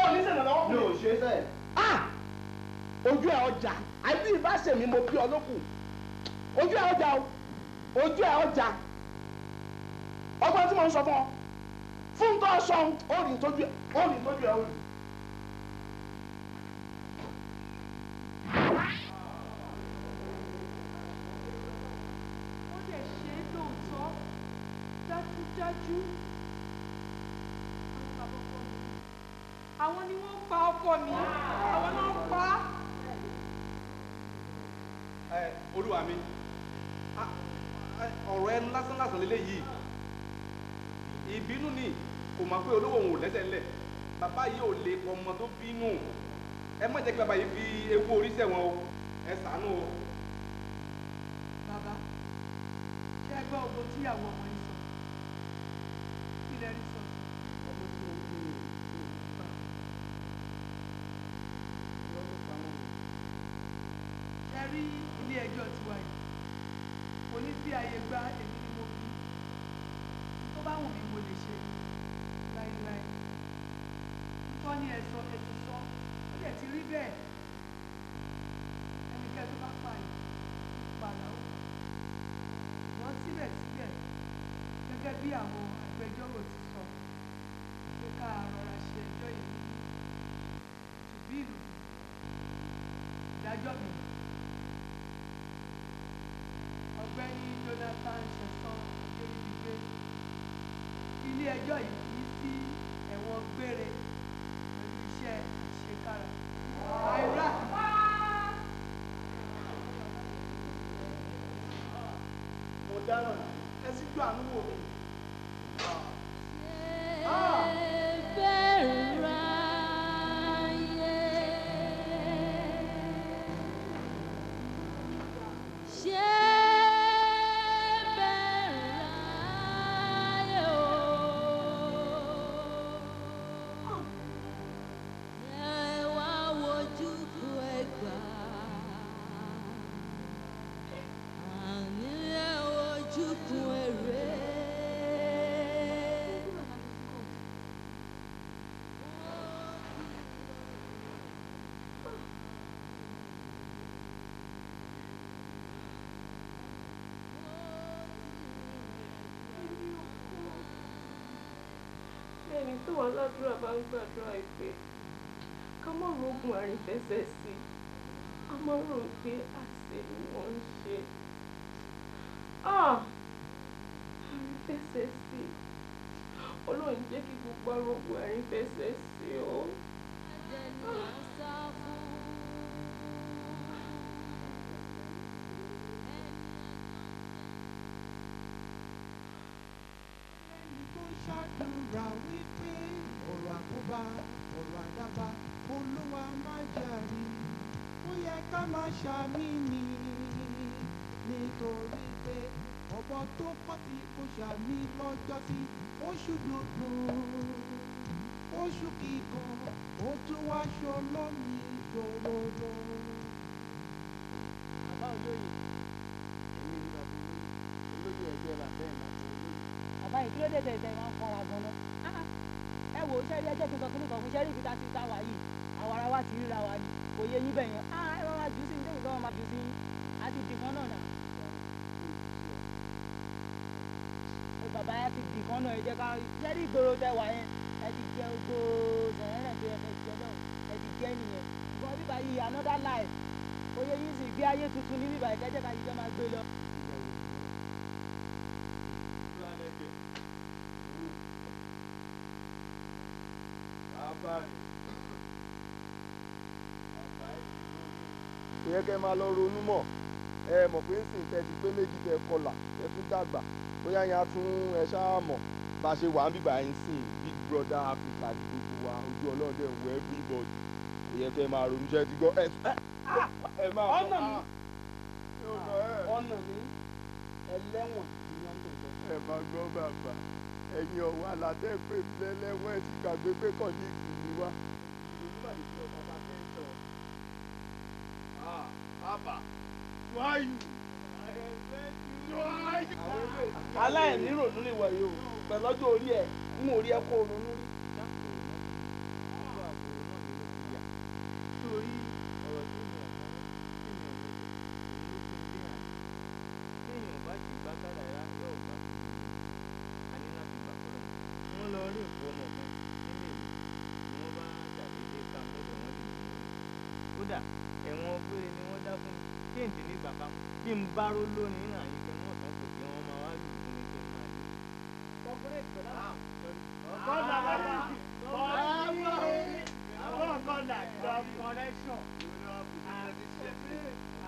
ọ̀ ní sẹ̀nà lọ́wọ́ fún mi mi ò ṣe sẹ́ẹ̀. Ah! ojú ẹ ọjà àbí ìbáṣẹ mi mo bí ọlọ́kù ojú ẹ ọjà ojú ẹ ọjà ọgbọ́n tí mo ń sọ fún ọ fún tó sọ ó rìn tójú ẹ ó rìn tójú ẹ ó rìn. àwọn ni wọ́n pa ọkọ mi àwọn náà pa á. ẹ olúwa mi ọ̀rọ̀ ẹ lásánlásán lélẹ́yìí ìbínú ni kò mọ̀ pé olówó òun ò lẹ́sẹ̀ ńlẹ̀ bàbá yìí ò lè ọmọ tó bínú ẹ má jẹ́ kí bàbá yìí fi ewu orí sẹ̀wọ̀n o ẹ ṣàánú o. bàbá ṣé ẹ gbọ́ ògbó tíyàwó ọmọ rí ilé ẹjọ́ tiwa yìí kò ní fi àyè gba èmi ni mo bí tó bá wù mí mo lè ṣe láéláé títọ́ ni ẹ̀sọ́ ẹ̀sì sọ ó dẹ̀ ti rí bẹ́ẹ̀ ẹnikẹ́ni tó bá pa yìí ìpàdà ó wọ́n síbẹ̀síbẹ̀ gẹ́gẹ́ bí àwọn ilé-ẹjọ́ yìí fi sí ẹ̀wọ̀n gbére pẹ̀lú iṣẹ́ àṣekára. Iraq mo dáràn ẹ sì gbọ́ àánú wò mí. táwọn aládùúrà bá ń gbàdúrà ìpè ká má rògùn àrìnfẹsẹ̀ sí i ká má rò pé àṣẹ ni wọ́n ń ṣe ah! àrìnfẹsẹ̀ sí i ọlọ́run jẹ́ kí gbogbo arógun àrìnfẹsẹ̀ sí i o. shot the round we kó bá ọ̀rọ̀ àdábá olúwa má jàre ó yẹ ká má ṣàmìnì nítorí pé ọ̀bọ tó pọ̀ tí kò ṣàmì lọ́jọ́sí oṣù gbogbo oṣù kíkan ó tún wá ṣọlọ́mì dòdòdò. bàbá olóyè èmi ni bàbá olóyè olóyè ẹgbẹ́ làbẹ́ ìlàtọ̀ olóyè. bàbá ìkílódé tẹ̀tẹ̀ wọn wo sẹ́rí ẹjẹ́ kí n sọ kí fún sẹ́rí ìfita ti ta wà yìí àwọn wa ti ríra wa ni kò yé yín bẹ́ẹ̀ á ah, ẹ bá wa jù sí ilé ìtọ́ máa jù sí á ti dìkan náà nà. ẹ bàbá ẹ ti dìkan náà ẹ jẹ́ ká sẹ́rí ìgboro tẹ wà yẹn ẹ ti jẹ ogbó sẹ̀rẹ̀rẹ̀ tó yẹ fẹ́ jẹ náà ẹ ti jẹ nìyẹn ṣùgbọ́n bíbá yìí another life kò yé yín sì gbé ayé tuntun ní bíbá ìkẹ́jẹ́ ká yìí jọ máa gbé lọ. yẹ kẹ́ máa lọ ronú mọ̀ ẹ mọ̀ pé nsìn tẹ́ ti pé méjì tẹ́ kọlà ẹ tún dàgbà bóyá yẹn á tún ẹ ṣáà mọ̀ bá a ṣe wà níbà yẹn sìn big brother africa gbogbo wa ojú ọlọ́run dẹ̀ wọ everybody kò yẹ kẹ́ máa ronú ṣẹ́ ti gbọ́ ẹ ẹ máa bọ̀ ọ̀nà mi ah, ah, ọ̀nà mi ẹlẹ́wọ̀n ẹ máa gbọ́ bàbá ẹ̀yin ọ̀wọ́ alátẹ́ pé mi lẹ́lẹ́wọ̀n ẹ ti gbàgbé pé kàn ní are you? who are you? aláìníròdún lè wọ̀ yìí o pẹ̀lú ọjọ́ orí ẹ̀ mú orí ẹ̀ kó ronú. bá ró lónìí náà ìfẹ́ mọ́ ọ̀tá kò jẹ́ wọn máa wá lù ú ní pé máa lù. kọ́kúrẹ́ ìpẹ́lá kọ́ńdà bàbá kọ́ńdà kọ́ńdà ìjọ kọ́lẹ́ṣọ̀n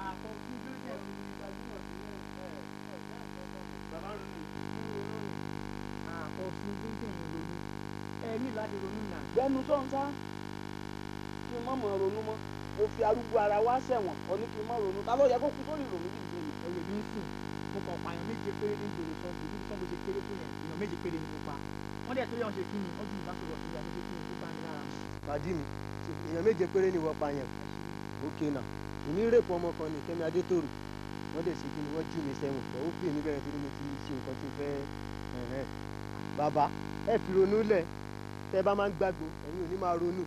àkọ́kú lójú ọ̀rọ̀ ìgbàgbọ́ bàbá rò ní àkọ́kú lójú ọ̀rọ̀ ronú ẹ̀mí láti ronú nà. bẹ́ẹ̀ni tó ń sá kí n má mọ̀ ronú mọ́ mo fi arúgbó ara wa sẹ̀wọ̀n ọ ní kí n má ronú ta ló yẹ kó kú sórí ìrònú bíi ìdílé péré ní ìgboro kan kò síbi kan bó ṣe péré tó yẹn èèyàn méje péré ni mo pa wọ́n dẹ̀ torí àwọn ṣe kí ni wọ́n ju ìbásọ̀rọ̀ sí ìyàtọ̀ ṣe kí ni tó bá mi lára mi. pàdí mi èèyàn méje péré ni wọ́n pa yẹn òkè náà ìní rèpọ̀ ọmọ kan ní Kẹ́mi Adétòrò wọ́n dẹ̀ ṣe kí ni wọ́n jù mí sẹ́wọ̀n pọ̀ ó fi èmi bẹ̀rẹ̀ torí mo ti ṣe nǹkan tó fẹ́ ẹ̀rẹ́ bàbá ẹ fi ronú lẹ̀ tẹ́ bá máa ń gbàgbó ẹ̀yin ò ní máa ronú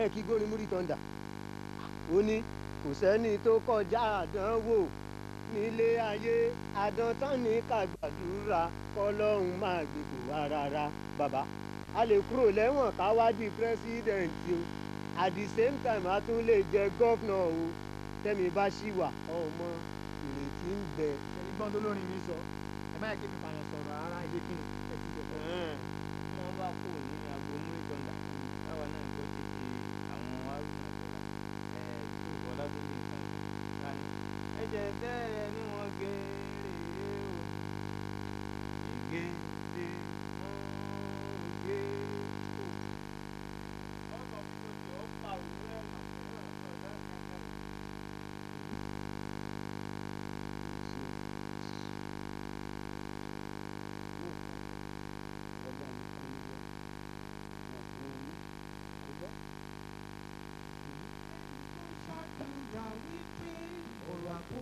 ẹ kí gbórin múrí tọ́ndà ó ní kò sẹ́ni tó kọjá àdánwò nílé ayé àdọ́tán ní kàgbàdúrà kọlọ́run máa gbègbè wá rárá bàbá a lè kúrò lẹ́wọ̀n ká wá di pírẹ́sídẹ̀ǹtì o at the same time a tún lè jẹ gọ́fìnà o tẹ́mi bá ṣì wà ọmọ ìrètí ń bẹ. ẹni gbọ́n tó lórí mi sọ ẹ má yà kí mi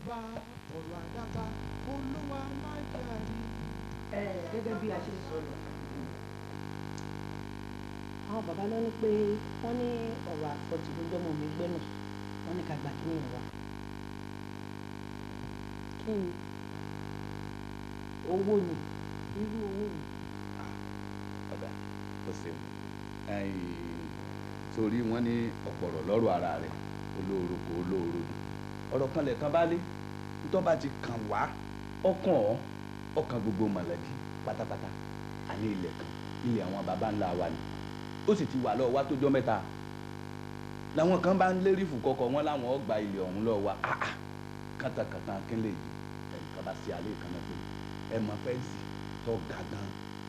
àdàbà ọ̀rọ̀ àdàbà olúwa má jàre. ẹ gẹ́gẹ́ bí a ṣe sọ̀rọ̀ àwọn bàbá náà ní pé wọ́n ní ọ̀rọ̀ àfọ̀jù ló gbọ́mọ mi gbé náà wọ́n ní ká gbà kí ni ìwà. kí ni owó ni irú owó ni. ọ̀dà ó ṣeun torí wọ́n ní ọ̀pọ̀rọ̀ lọ́rọ̀ ara rẹ̀ olóorokò olóorodò ọ̀rọ̀ kan lẹ̀ kan bá lé tó bá ti kàn wá ọkàn ọ ọkàn gbogbo mọ̀lẹ́bí pátápátá àní ilẹ̀ kan ilẹ̀ àwọn baba ńlá wa ni ó sì ti wà lọ́wọ́ wa tójọ́ mẹ́ta làwọn kan bá ń lérí fùkọ́kọ́ wọn láwọn ọgbà ilẹ̀ ọ̀hún lọ́wọ́ wa áà ah, ah. kàtàkàtà kínlẹ̀ yìí ẹ̀ka bá ṣe àlẹ́ ìkànnà pé ẹ̀ mọ fẹ́ǹsì tó ga gan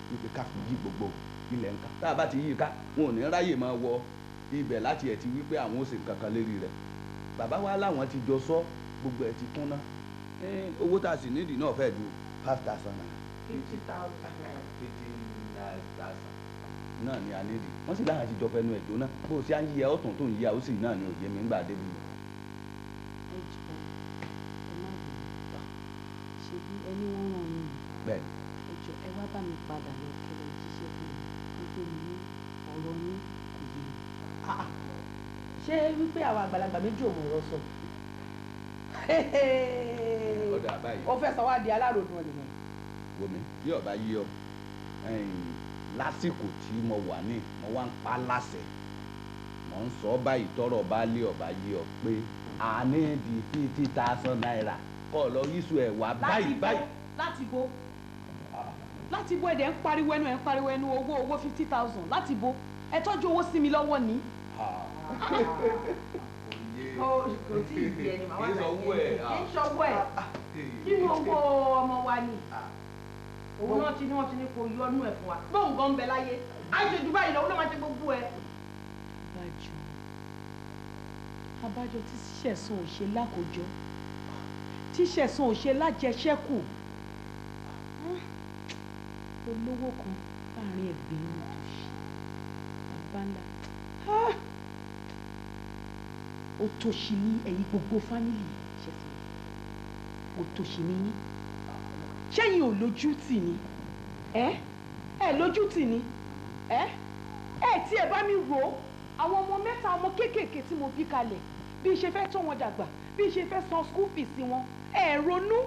wípé ká yí gbogbo ilẹ̀ ńká tá a bá ti yí ká wọn ò ní ráyè máa wọ ibẹ̀ láti ẹ̀ ti wípé àwọn ò sì kankan lérí rẹ̀ bàbá wa láwọn ti jọ sọ gbogbo ẹ̀ ti kúnná Eh, owó tá a sì nídìí náà fẹ́ẹ́ lu five thousand naira. fifty thousand naira. fifty thousand. náà ni a nídìí wọ́n sì láwọn àtijọ́ fẹ́nu ẹ̀dọ́ náà bó o ṣe à ń yíya ọ̀tún tó ń yíya ó sì náà ni òye mi ń gbà débi. Ah, ah. ṣé wípé àwọn àgbàlagbà méjì ò mọ̀ ọ̀rọ̀ sọ? dà báyìí. ó fẹ́ sọ wá di aláròdùn ọ̀dùnmọ̀. wòmí bí ọba yí ọ lásìkò tí mo wà ní mo wá ń pa láṣẹ mo ń sọ báyìí tọrọ bá lé ọba yí ọ pé àní di fifty thousand naira kọ lọ yíṣu ẹ wá báyìí báyìí. láti bo láti bo ẹ̀dẹ̀ ń pariwo ẹnu ẹ̀ ń pariwo ẹnu owó owó fifty thousand láti bo ẹ tọ́jú owó sí mi lọ́wọ́ ni kò tí ì di ẹni màá wà láyé kí n sọ wọ ẹ nínú owó ọmọ wa ni òun náà ti ní wọn ti ní kò yọ ọnú ẹ fún wa bóun gan bẹ láyé àìṣèjú báyìí lọ òun náà máa ṣe gbogbo ẹ. àbájọ àbájọ tí ṣẹ̀sán ò ṣe lákòjọ tí ṣẹ̀sán ò ṣe lájẹṣẹ́kù olówó kan láàrin ẹ̀gbìn ló tó ṣe bàbá ó tó ṣe ní ẹ̀yìn gbogbo fámìlì yìí òtòṣì ni yín ṣẹ́yìn ò lójú tì ní ẹ ẹ lójú tì ní ẹ ẹ tí ẹ bá mi wò ó àwọn ọmọ mẹ́ta ọmọ kéékèèké tí mo bí kalẹ̀ bí ṣe fẹ́ tọ́ wọn dàgbà bí ṣe fẹ́ san school fees wọn ẹ ronú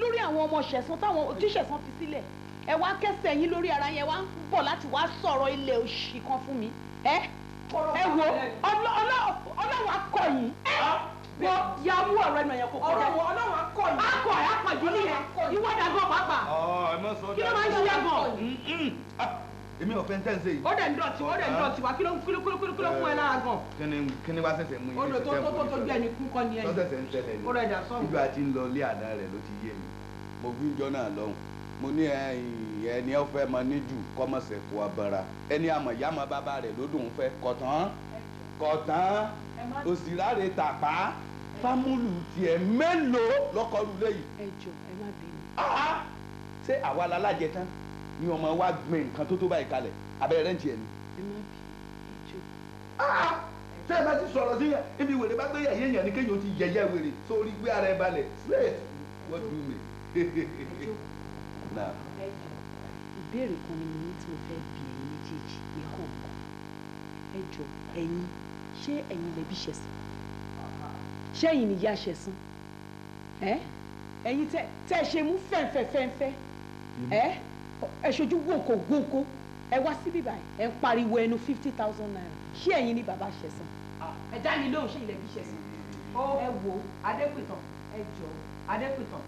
lórí àwọn ọmọ ṣẹ̀sán táwọn tíṣẹ̀sán fi sílẹ̀ ẹ wá kẹsẹ̀ yín lórí ara yẹn wá ń bọ̀ láti wá sọ̀rọ̀ ilẹ̀ òṣì kan fún mi ẹ ẹ wo ọlọ́wọ́ akọ yìí wọ yàwó ọ̀rọ̀ ẹnu ẹ̀yẹn kò kọjá ọ̀rọ̀ ọlọ́run akọ yìí akọ ẹ̀ apàjù nìyẹn ìwọ dàgbọ́ pàápàá kí ló máa ń ṣiṣẹ́ gan. Ah, èmi ò fẹ́ ń tẹ̀sẹ̀ yìí. ó dẹ̀ ń dọ̀tí ó dẹ̀ ń dọ̀tí wá kí ló kí ló kí ló kí ló fún ẹ lára gan. kíni kíni wá ṣẹ̀ṣẹ̀ mú yín. odò tó tó tó tó gbẹ ní kúkọ ni ẹni. sọ́sẹ̀sẹ̀ ń tẹ̀lẹ̀ ni. ó rẹ̀ dà sọ́ọ̀mù. ibà ti ń lọ ilé àdá rẹ̀ ló ti yé mi. mo fi ń jọ náà lọ́hùn mo ní ẹni ẹ fẹ́ mọ níjù kọ́mọ̀sẹ̀ kó abara ẹni àmọ̀ ìyá àmọ̀ bàbá rẹ̀ ló dùn fẹ́ kọ̀tán kọ̀tán òsì ráre tàpá fámúlù tiẹ̀ mélòó lọ́kọ́rù léyìí. ẹ jọ ẹ má bínú. Ah, ah. ṣé àwa alájẹ tán ni ọmọ wa gbìn nǹkan tó tó báyìí kalẹ̀ abẹ́rẹ́ ń tiẹ̀ ni. ẹ má bínú ẹ jọ. Ah, ṣé ẹ bá ti sọ̀rọ̀ sí yẹn ibi wèrè bá gbé yẹ̀yẹ́ yẹn ni kéèyàn ti yẹ̀yẹ́ wèrè sórí gbé ara ẹ balẹ̀ straight wọ́n dùn mí. ìbéèrè kan ni mo ní tí mo fẹ́ bi ẹ̀yin méjèèjì ní hàn ẹ jọ ẹ̀yin ṣé ẹ̀yin lẹbi ṣẹ́yìn nìyá ṣẹ̀sán ẹ̀yin tẹ́ ẹ ṣe mú fẹ́ǹfẹ́ǹfẹ́ ẹ ṣojú wòkó gbòǹkó ẹ wá síbí báyìí ẹ ń pariwo ẹnu fifty thousand naira ṣé ẹ̀yin ni bàbá ṣẹ̀sán. ẹ dá mi lóhùn ṣé ilẹ̀ bí ṣẹ̀sán ẹ wo adépìtàn ẹ jọ adépìtàn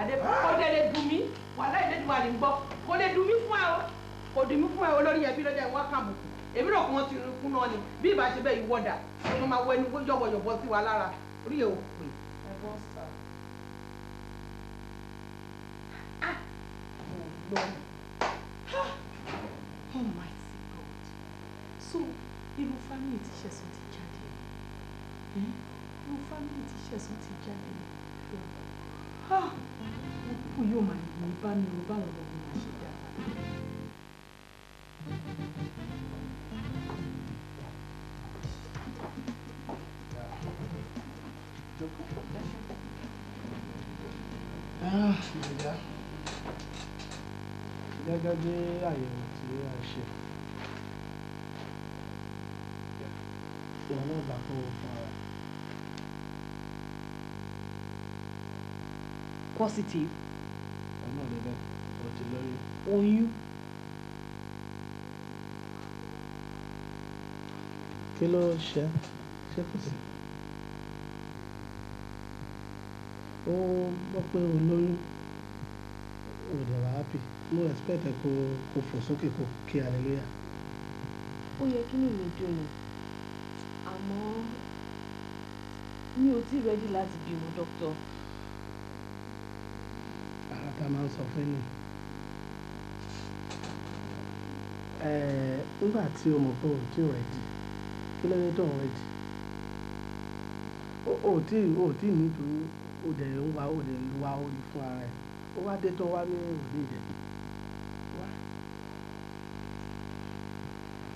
adépìtàn ah! kó lè dùn mí wàhálà ìdẹ́dùn wà ní gbọ́ kó lè dùn mí fún ẹ o kò dùn mí fún ẹ o lórí ẹbí lọ́jà ìwọ́n kàbùkù èmi rò kí wọ́n ti kú náà ni bí ìbá ṣe bẹ́ẹ̀ ìwọ́dà wọ́n máa wọ ẹni yọ̀bọ̀yọ̀bọ̀ sí wa lára orí ẹ̀ ò pè. Almighty ah! oh, God so irú fámìlì tí ṣẹ̀sùn ti jáde eh? irú fámìlì tí ṣẹ̀sùn ti jáde ah! ó kù yóò máa yìí bá mi ò báwọn ọmọ mi máa ṣe dára positive. oyún. kí ló ṣe? Ṣé kò sí? Ó gbọ́ pé o lóyún, o dẹ̀ wá happy. Mo expect ẹ kó, kó fò sókè kó kí hallelujah. Ó yẹ kí inú mi dùn ni, àmọ́ mi ò tí ready láti bímọ doctor. Àrà tá máa ń sọ fún ẹni. Ẹ̀, nígbà tí o mọ̀ pé o ò tí ready kí ló dé tó ń O tí, o tí ní o dẹ̀ ń wa, o dẹ̀ ń lu ahọ́ orí fún ara ẹ. Ó wá dé tó wá ní ò need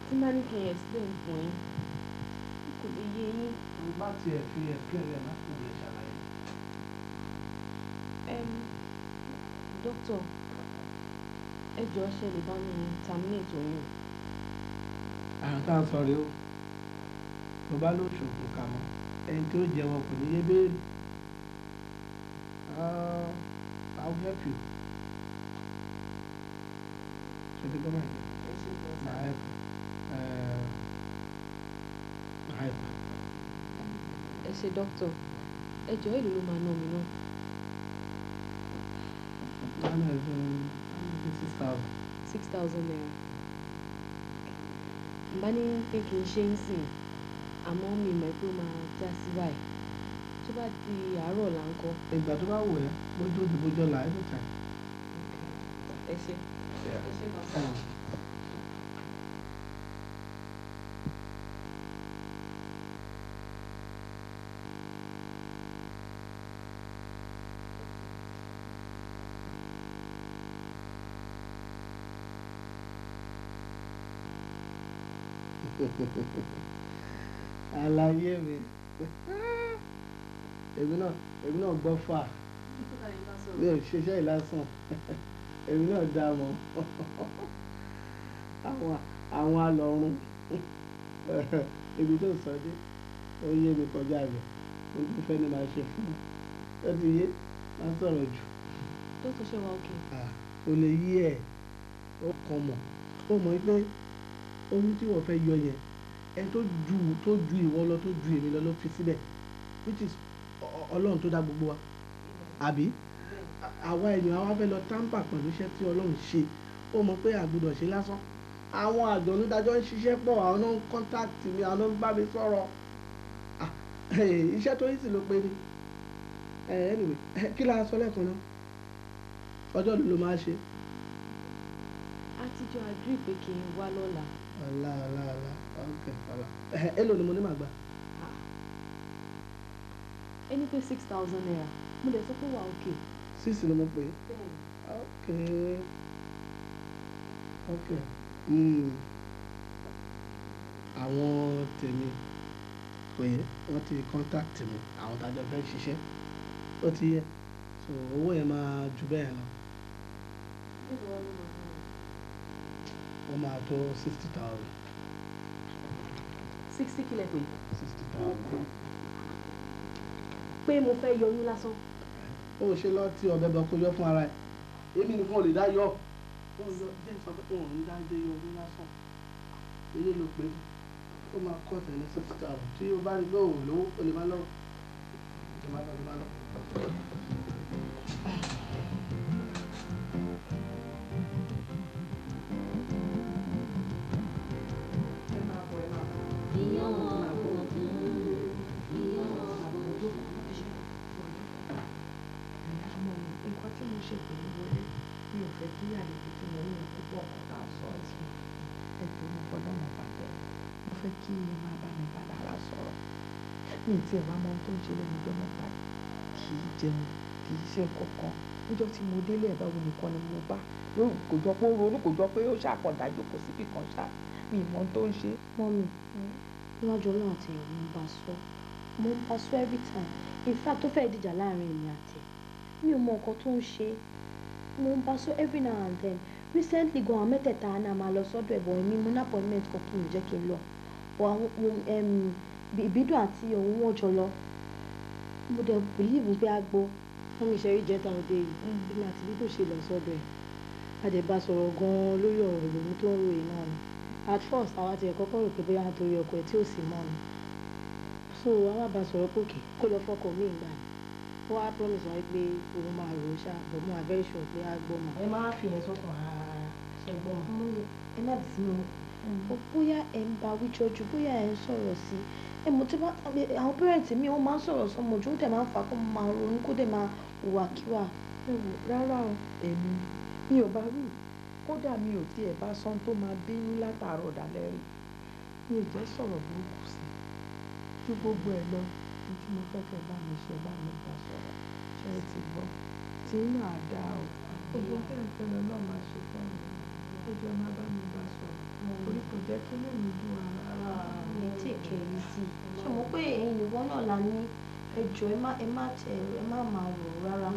Tí n ní kí n explain fún yín, kò lè yé yín. o bá ti fi explain ẹ̀ má kò lè ṣàlàyé. Ẹm, ẹ jọ̀ọ́ ṣé lè bá mi terminate oyún? Àrùn tá a sọ rèé o tó bá lò ṣòfò kà mọ́ ẹni tí ó jẹ́wọ́ kò ní yé béèrè ah, I'll help you ṣe ti gbọ́mọ̀ yìí máa help eh, máa help. ẹ ṣe dókítà ẹ jọ èlò ló máa ná mi náà. Nine hundred six thousand. Six thousand naira. Bá ní pé kì í ṣe ń sìn. 阿姆咪买块嘛，炸鸡块，鸡块鸡鸭肉啷个？哎，鸡块有呀，买多几包就来着噻。OK，哎，行，行，哎，行。àlàyé mi èmi náà èmi náà gbọ́ fà mi ò ṣiṣẹ́ ìlàsàn èmi náà dá mọ́ àwọn àwọn alọ́run ibi tó sọ dé ó yé mi kọjá rẹ̀ mo tún fẹ́ ni màá ṣe fún un ti yé máa sọ̀rọ̀ jù. o lè yí ẹ ó kàn mọ̀ ó mọ̀ pé ohun tí wọ́n fẹ́ yọ yẹn ẹni tó ju tó ju ìwọ lọ tó ju èmi lọ ló fi síbẹ̀ which is ọlọ́run tó dá gbogbo wa àbí àwa ènìyàn àwa fẹ́ lọ tamper pẹ̀lú iṣẹ́ tí ọlọ́run ṣe ó mọ̀ pé àgbọ́dọ̀ ṣe lásán àwọn àjọ̀nú dájọ́ ń ṣiṣẹ́ pọ̀ àwọn náà ń contact mi àwọn náà ń bá mi sọ̀rọ̀ ah, iṣẹ́ tó yìí sì ló pe ni eh, anyway eh, kí la sọ lẹ́kùn náà ọjọ́ ló ló máa ṣe. a ti jọ agree pé kí n wá lọ́la. ọ̀la ọ̀la ọ̀la èló ni mo ní màá gbà. Ah. ẹni pé six thousand naira mo dẹ̀ sọ pé wà òkè. six ni mo pè é ok ok hmm. àwọn tèmi pé wọ́n ti contact mi àwọn tàjọ fẹ́ ṣiṣẹ́ ó ti yẹ so owó yẹn máa ju bẹ́ẹ̀ lọ. ó máa tó sixty thousand sixty kílẹ̀ pé pé mo fẹ́ yọ yín lásán. o ṣe lọ tí ọbẹ̀ bá kó yọ fún ara ẹ̀ èmi nìkan ò lè dá yọ. ó yọ jẹ́ sọ pé òun ń dájọ́ yọ yín lásán ilé ló pé ó máa kọ́ tẹ̀lé sixty thousand tí o bá rí lóòrùn lówó o lè má lọ́wọ́ o lè fẹ́ àlejò tí mo rí yẹn púpọ̀ kó bá sọ̀rọ̀ sí mi. mo fọlọ́run ọba bẹ̀ yín. Mo fẹ́ kí ẹ máa bá mi bá Lára sọ̀rọ̀. Mi ò tiẹ̀ wá mọ ohun tó ń ṣe lẹ́nu ọjọ́ mẹ́ta Kì í jẹun, kì í ṣe nǹkan kan. Níjọ́ tí mo délé ẹ̀ báwo nìkan ni mo bá. Kò jọ pé ó kò jọ pé ó ṣàkọ̀dà jókòó síbì kan ṣá. Mi ò mọ ohun tó ń ṣe. Mọ́mì, níwájú Ọlọ́run àti èèyàn mo ń bá sọ. Mo ń bá sọ every In fact, tó fẹ́ dìjà láàrin èmi àti Mi ò mọ nǹkan tó ń ṣe mo ń so every now and then recently gan àwọn mẹ́tẹ̀ẹ̀ta náà máa lọ sọ́dọ̀ ẹ̀bọ̀ èmi mo ní appointment kan kí n jẹ́ kí n lọ ìbídùn àti òun wọ́n jọ lọ mo dẹ̀ believe pé a gbọ́ fún mi ṣẹ́rí jẹ́ta òde yìí bí mm. mi àti bídùn ṣe lọ sọ́dọ̀ ẹ̀ àdẹ̀bá sọ̀rọ̀ gan-an lórí ọ̀rọ̀ ìròyìn tó ń ròyìn náà ni at first àwa ti ẹ̀kọ́ kọ́ rò pé bóyá nítorí ọkọ ẹ̀ tí ò sì mọ́ ni so àwa bá sọ̀rọ̀ pòkè kó lọ fọkọ̀ mí ìgbà ni ó wá promise wọn pé òun máa rò ó ṣá but mo are very sure pé a gbọ́ mọ́. ẹ máa fi yẹn sọ́kàn rárá ṣe gbọ́ mọ́ ẹ má bì sínú. Mm. bóyá ẹ ń ba wíjọjú bóyá ẹ ń sọ̀rọ̀ sí ẹ mo ti bá àwọn pẹ́rẹ́ǹtì mi wọ́n máa ń sọ̀rọ̀ sọmọ ojú ó dẹ̀ máa ń fà kó máa ronú kó dẹ̀ máa hùwàkíwà. ẹ wò rárá o èmi mi ò bá wí kódà mi ò tiẹ̀ bá sọ́n tó máa bínú látàárọ̀ dalẹ́ mi ò jẹ́ sọ̀rọ̀ burúkú sí ju gbogbo ẹ̀ lọ tí mo fẹ́ kẹ́ bá mi ṣe bá mi bá sọ̀rọ̀ ṣé ẹ ti gbọ́ tí inú àdá o. gbogbo tẹ́ ń fẹ́ lọ náà máa ṣe fẹ́ mi ẹ jọ máa bá mi bá sọ̀rọ̀ torí kò jẹ́ kí inú mi dùn ara. ẹ tèkè yìí sí i ṣe mo pé ẹ̀yin ìwọ náà la ní ẹjọ́ ẹ má ẹ má tẹ ẹ má máa rò rárá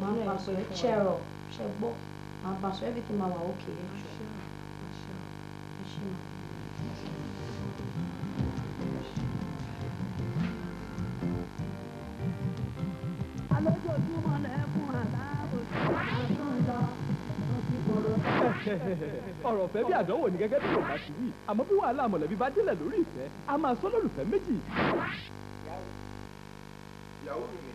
máa bá ẹ ṣẹrọ ṣẹgbọ máa bá ẹ bí kí n máa wà ókè ẹjọ́. ọ̀rọ̀ ọ̀fẹ́ bí àdánwò ni gẹ́gẹ́ bí yorùbá ti wí àmọ́ bí wàhálà mọ̀lẹ́bí bá délẹ̀ lórí ìfẹ́ a máa sọ lólùfẹ́ méjì. ìyàwó mi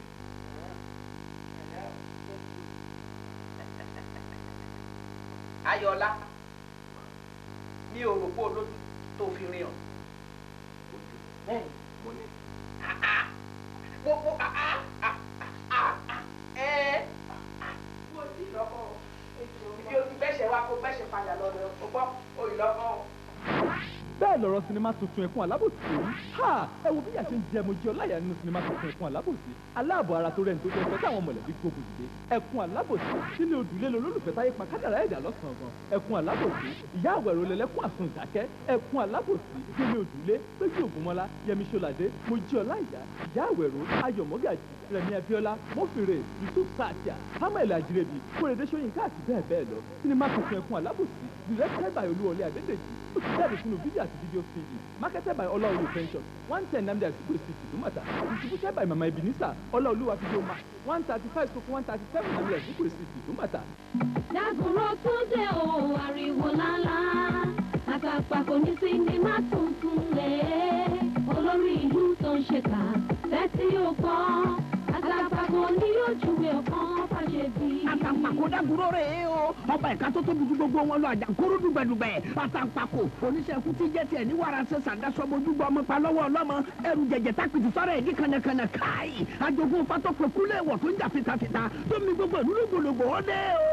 ò rò pé olójú tó fi rìn ọ́. bẹ́ẹ̀ mo ní. gbogbo ẹ ẹ mo ti ah, ah, ah, eh. lọ́kọ̀ọ́ ibi o ti gbẹ́sẹ̀ wa kó gbẹ́sẹ̀ padà lọ́dọ̀ ọgbọ́n olùlọ́gbọ́n o. bẹ́ẹ̀ lọ̀rọ̀ sinimá tuntun ẹ̀kún alábòsí yìí ha ẹ wo bí yà ṣe ń jẹ mo jẹ ọláyà nínú sinimá tuntun ẹ̀kún alábòsí aláàbọ̀ ara tó rẹ̀ ń tó jẹ́ pẹ́ táwọn mọ̀lẹ́bí gbógun dìde ẹ̀kún alábòsí sílé odùlé lo lólùfẹ́ táyé pa kádàrá ẹ̀dá lọ́sàn-án gan ẹ̀kún alábòsí ìyá àwẹ̀rọ lẹ́lẹ́kún àsun ìdákẹ́ ẹ̀kún alábòsí sílé odùlé péjú ògúnmọ́lá yẹmi ṣọládé mo jẹ ọláyà ìyá àwẹ̀rọ ayọ̀mọ́gàjì rẹ̀mí abiola mọ́fìrè yusuf sàtíà samuel ajirebi kórèdé sọ́yìnká àti bẹ́ẹ̀ bẹ́ẹ̀ lọ sinimá tuntun ẹ̀kún alábòsí directed by olúwọlé adédèjì ó ti jáde sínú fídíò àti fídíò fídíò marketed by ọláolú pension one ten namdi àsìkò ìsìnkì lùmọ̀tà distributed by mama ebenisa ọláolúwa fídíò ma one thirty five to one thirty seven namdi àsìkò ìsìnkì lùmọ̀tà. dàgùrọ̀ tún dé o ariwo lálá àgbààgbà kò ní sinimá tuntun lé olórí ìlú tó ń ṣe kà bẹ́ẹ̀ tí ó gbọ́ mo ní ojúwe ọ̀kan fàṣẹbí. àtàpàkòdá dúró rè é o ọba ìka tó tóbi ju gbogbo wọn lọ àjà kúrú dùgbẹ̀dùgbẹ̀ àtàpàkò oníṣẹ́ ikú tí jẹ́ tiẹ̀ ní wàrà ṣe sàdásọ́bojúgbọ́ ọmọ pa lọ́wọ́ ọlọ́mọ ẹrù jẹjẹ tákìtì sọ́rọ̀ èdè kànnàkànnà káì àjogún fatọ́pọ̀ kúlẹ̀ wọ̀ tó ń jà fitafita tó gbogbo ìlú lógbòlógbò ó o.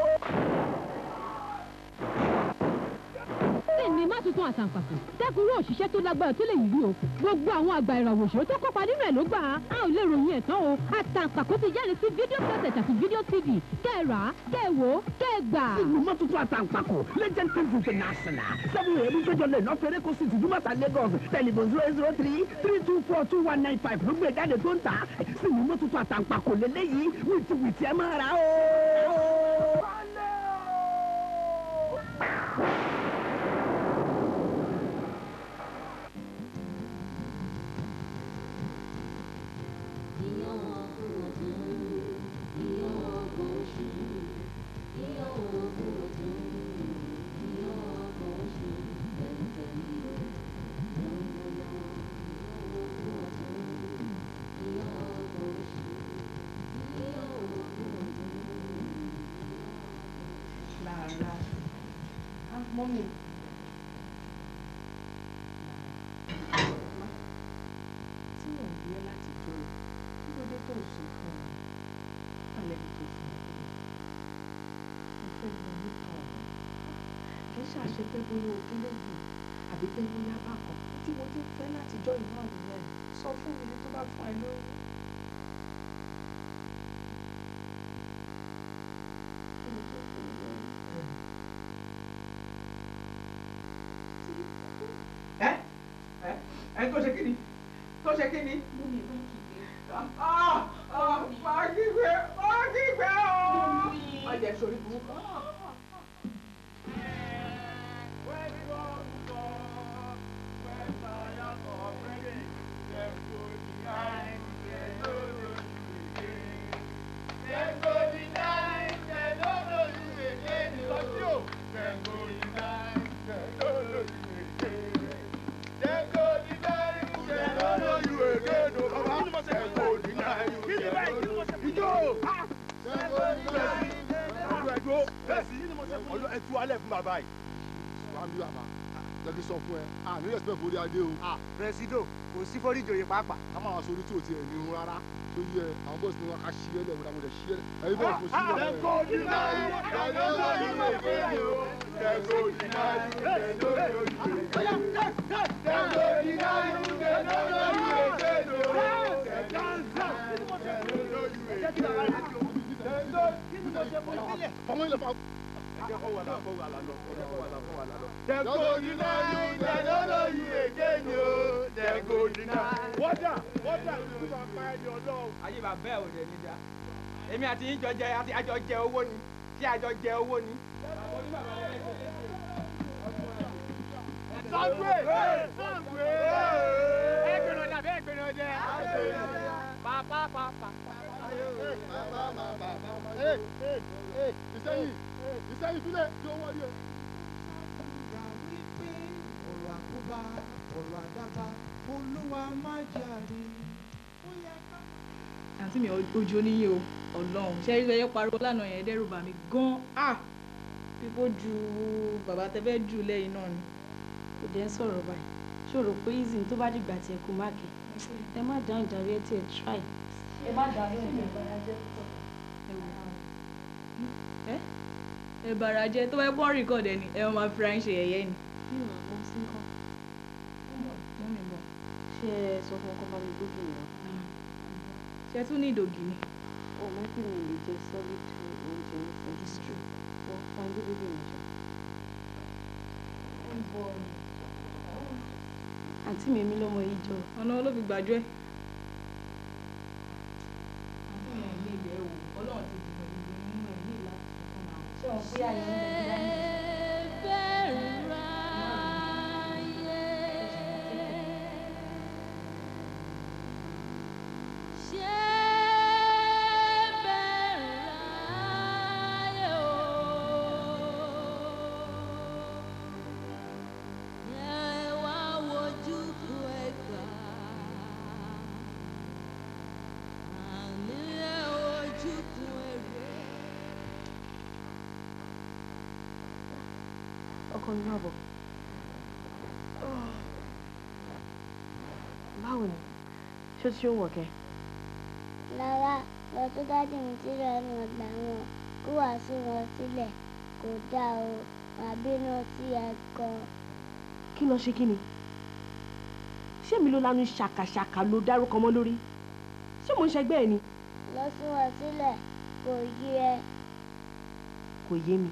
tuntun àtàǹpàkò tẹkùrú òṣìṣẹ́ tó lágbára tó lè yìí o gbogbo àwọn àgbà ìràwọ̀ òṣèré tó kópa nínú ẹ̀ ló gbà á a ò lè ròyìn ẹ̀tàn o àtàǹpàkò ti jáde sí fídíò cassette àti fídíò tv kẹ́ẹ̀rà kẹ́ẹ̀wò kẹ́ẹ̀gbà. ìlú mọ́tútù àtàǹpàkò legend tv international seven èrú péjọ lè ná mọ́mì. tí mò ń gbé kí ló dé tó pé bóyá ojú lóògùn àbí mo ti ń fẹ́ láti jọ ìnáwó rẹ̀ sọ fún mi tó bá fún ẹ lóyún. ẹ tó ṣe kí ni tó ṣe kí ni. mo mi bá kígbe. bá ah, ah, kígbe bá kígbe o. ọjà ìṣòrí burúkú. Ah. wàhálẹ̀ fún bàbá yìí wàá mi bàbá jẹ́kí sọ fún ẹ àmì respect forí adé o. presido kò sí forí ìjòyè pàápàá. a máa wá sórí tí o ti ẹ̀ nírun rárá tó yẹ àwọn bọ́ọ̀sì ni wọn ká ṣí ẹ lẹ́wọ̀n àwọn ẹ̀ṣí ẹ ẹ̀yin bọ́ọ̀sì kò sí wọn. ẹ̀kọ́ dínà yìí ẹ̀kọ́ dínà yìí ẹ̀kọ́ dínà yìí ẹ̀kọ́ dínà yìí ẹ̀kọ́ dínà yìí ẹ̀kọ́ dínà yìí ẹ̀kọ́ dínà yìí ẹ̀kọ́ Dẹ̀gò yìí náà ìdẹ̀dọ́ lóyún èké ni o. Dẹ̀gò yìí náà. Wọ́dà wọ́dà ló ń sọ pa ẹni ọlọ́run. Ayé bàbá ẹ̀ ò lè ní da. Èmi àti yín jọ jẹ àjọ jẹ owó ni. Tí àjọ jẹ owó ni. Sangwe! Sangwe! Ẹgbẹ̀rún ọjà bẹ́ẹ̀ gbẹ̀rún ọjà. Pàápàá pàápàá. Pàápàá pàápàá. Ìsẹ́yìn tẹ ìfilẹ̀ tí ó wọlé. ọ̀rọ̀ àkóbá ọ̀rọ̀ àdábá olúwa má jàre. àǹtí mi ojú oníyẹ o ọlọ́run ṣe é ṣe pariwo lánàá yẹn dẹ́rù bà mí gan-an bíbó ju bàbá tẹ́fẹ́ jù lẹ́yìn náà ni. kò dẹ́ sọ̀rọ̀ báyìí ṣòro pé easy tó bá dìgbà tí ẹ kú máàkì ẹ má dáhùn jàre ẹ tiẹ̀ try. ẹ má dáhùn jàre ẹ tiẹ̀ try. ẹ bàrà jẹ tó bá yẹ pọ́n rìkọ̀dù ẹni ẹ máa fi ń ṣe yẹ̀yẹ́ ni. mi ò mọ sí nǹkan mọ mi mọ ṣe ẹ sọ fún ọkọ bá mi gbógi yẹn. ṣe tún ní ìdògì ni. o mọ pé mi lè jẹ solid oúnjẹ for this trip for finding baby mi jọ. àǹtí mi mi lọmọ yìí jọ. ọ̀nà olóbi gbàjọ́ ẹ̀. Honorable. Oh. Báwo ni? Ṣé tí ó wọ̀ kẹ́? Lára lọ tó dájú mi tí rẹ̀ ń gbà wọn kó wàásù wọn sílẹ̀ kò dáa o àbínú sí ẹ gan. Kí ló ṣe kí ni? Ṣé mi ló lanu ṣàkàṣàkà ló dárúkọ mọ́ lórí? Ṣé mo ń ṣẹgbẹ́ ẹ ni? Lọ sí wọn sílẹ̀ kò mi.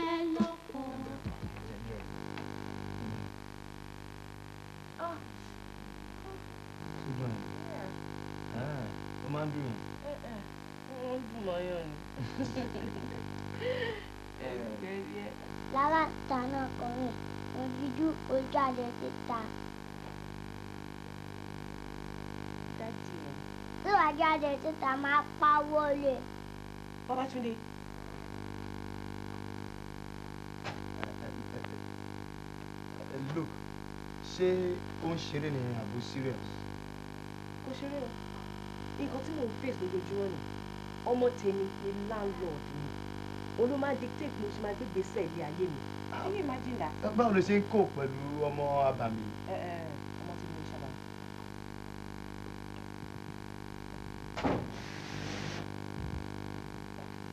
jáde síta. tí wàá jáde síta máa pawó lè. Babátúndé. Eh, eh, look ṣé ó ń ṣeré ni àbò serious. kò ṣeré o nǹkan tí mò ń face lójoojúmọ́ ni ọmọ tèmi ni landlord mi olú máa dictate mo ṣe máa gbégbèsè ilé can you imagine that. báwo ló ṣe ń kó pẹ̀lú ọmọ abàmì. ọmọ tí mo ń ṣàbàmì.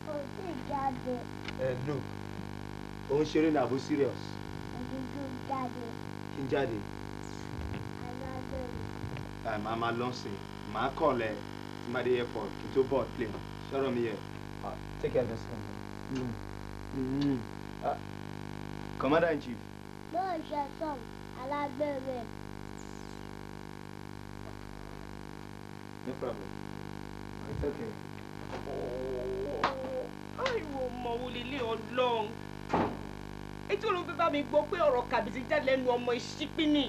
kò sí ìjáde. ẹ look ó ń ṣeré ní àbó serious. òdúdú jáde. kí n jáde. alágbèrè. màá máa lọ́sìn màá kọ̀ lẹ̀ tí má dé airport kí n tó board plane ṣọ́rọ̀ mi yẹ. take care of yourself. Mm. Mm. Uh, Commander in chief. Mo ṣe sọ̀n alágbèrè. No problem. It's okay. Àìwò mọ̀ wo lélẹ̀ ọlọ́run. Etí olùgbé bá mi gbọ́ pé ọ̀rọ̀ kàbìtì jáde lẹ́nu ọmọ ìṣípínì.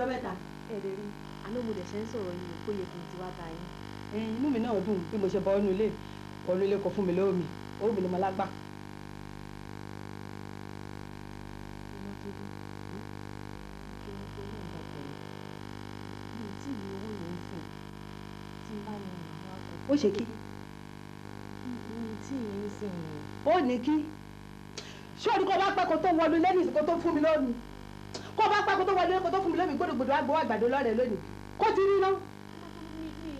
jọ mẹ́ta. ẹ̀rẹ̀ rí àná mo dẹ̀ ṣe ń sọ̀rọ̀ yìí kó yẹ kí n ti wá ta yín. inú mi náà dùn bí mo ṣe bọ́ ọ́nú ilé ọ̀nù ilé kọ fún mi lómi ó mi ni mo lágbà. ó ṣe kí. ó ní kí. ṣé orúkọ wá pẹ́ kó tó wọlé lẹ́yìn ìsìnkú tó fún mi lónìí kó o bá pákó tó wọlé kó tó fún mi lómi gbódògbòdò àgbò àgbàdo lọ́rẹ̀ lónìí kó ti rí náà. mi mi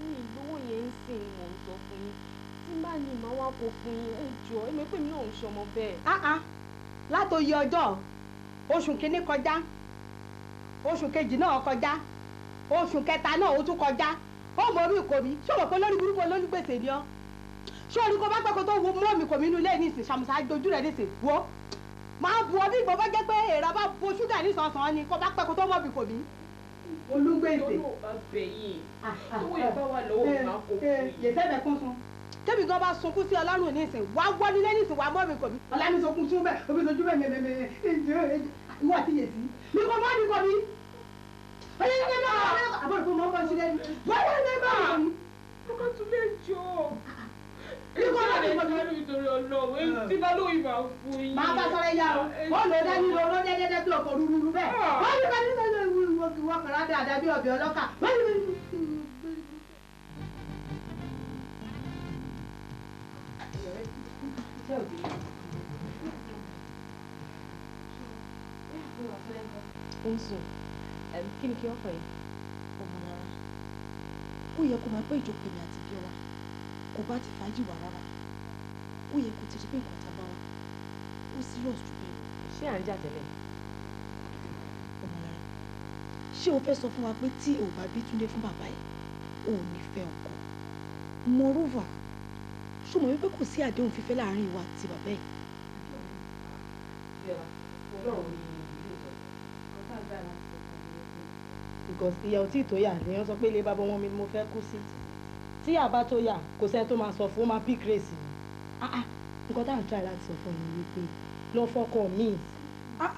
mi ìgbówó yẹn ń sìn mò ń sọ fún yín tí má ní màá wá kó fún yín ẹ jọ ẹ mọ̀ pé mi náà ń ṣọmọ bẹ́ẹ̀. áá látòyè ọjọ́ oṣù kìíní kọjá oṣù kejì náà kọjá oṣù kẹta náà ó tún kọjá ó mọ orí ìkòrí ṣé o mọ̀ pé lórí burúkú olólùgbèsè ni ọ́ ṣé orí kó bá pẹ́ kó tó mú omi kò mí inú ilé nísìn ṣàmùsà dojú rẹ̀ nísìn wo máa bu ọbí ìgbọ́ bá jẹ́ pé èèrà bá bo ṣúgà ní sọ̀sán ni kó bá pẹ́ kó tó mọ̀ bí kò bí. olúgbèsè eh, eh, tẹ́mi gan bá sunkún sí ọlọ́run ní ìsìn wá wọ́lú lẹ́yìn ìsìn wá mọ́ mi kò bí. ọ̀la mi sunkún sún bẹ́ẹ̀ omi sojú bẹ́ẹ̀ mẹ́mẹ́mẹ́ ìwọ àti yèsí mi kò mọ́ mi kò bí. ọ̀la mi kò mọ́ mi kò bí. àbọ̀dọ̀ fún mi ọkọ̀ sílẹ̀ ni. wọ́n yẹ ẹ́ bá. ọkọ̀ tún lè jọ kíkọ́ náà lè tọ́jú ẹni nítorí ọlọ́wọ́ tí bá lóyún máa fún yín. máa bá sọ̀rọ̀ ẹ̀yà o ó lò dá nílò ó dé dédé tó ọkọ̀ rúru bẹ́ẹ̀ wọ́n ti bá nílò ìwọ̀n kan lábẹ́ àdá bí ọ̀bẹ ọlọ́kà wọ́n ti bá nílò. Enzo, kí ni kí wọ́n fọ yìí? Ọmọ rárá. Ó yẹ kó máa pé ìjókòó mi àti Bíọ́lá. Kò bá ti fàájì wà rárá ó yẹ kó ti rí pé nǹkan tábà wá ó serious jù bẹ́ẹ̀. ṣé à ń jà tẹ́lẹ̀? ọmọlára ṣé o fẹ́ sọ fún wa pé tí o bá bí Túndé fún bàbá yìí o ò ní fẹ́ ọkọ moreover ṣó mọ̀ wípé kò sí àdéhùn fífẹ́ láàrin ìwà àti bàbá yìí. because ìyà ò tí ì tó yà lèèyàn sọ pé ilé bàbá wọn mi mo fẹ́ kú sí tí àbá tó yà kò sẹ́ni tó máa sọ fún ó máa pí kírèsì Ah, ah. nǹkan tá à ń try láti sọ fún mi wípé lọ fọkọ mi. Ah,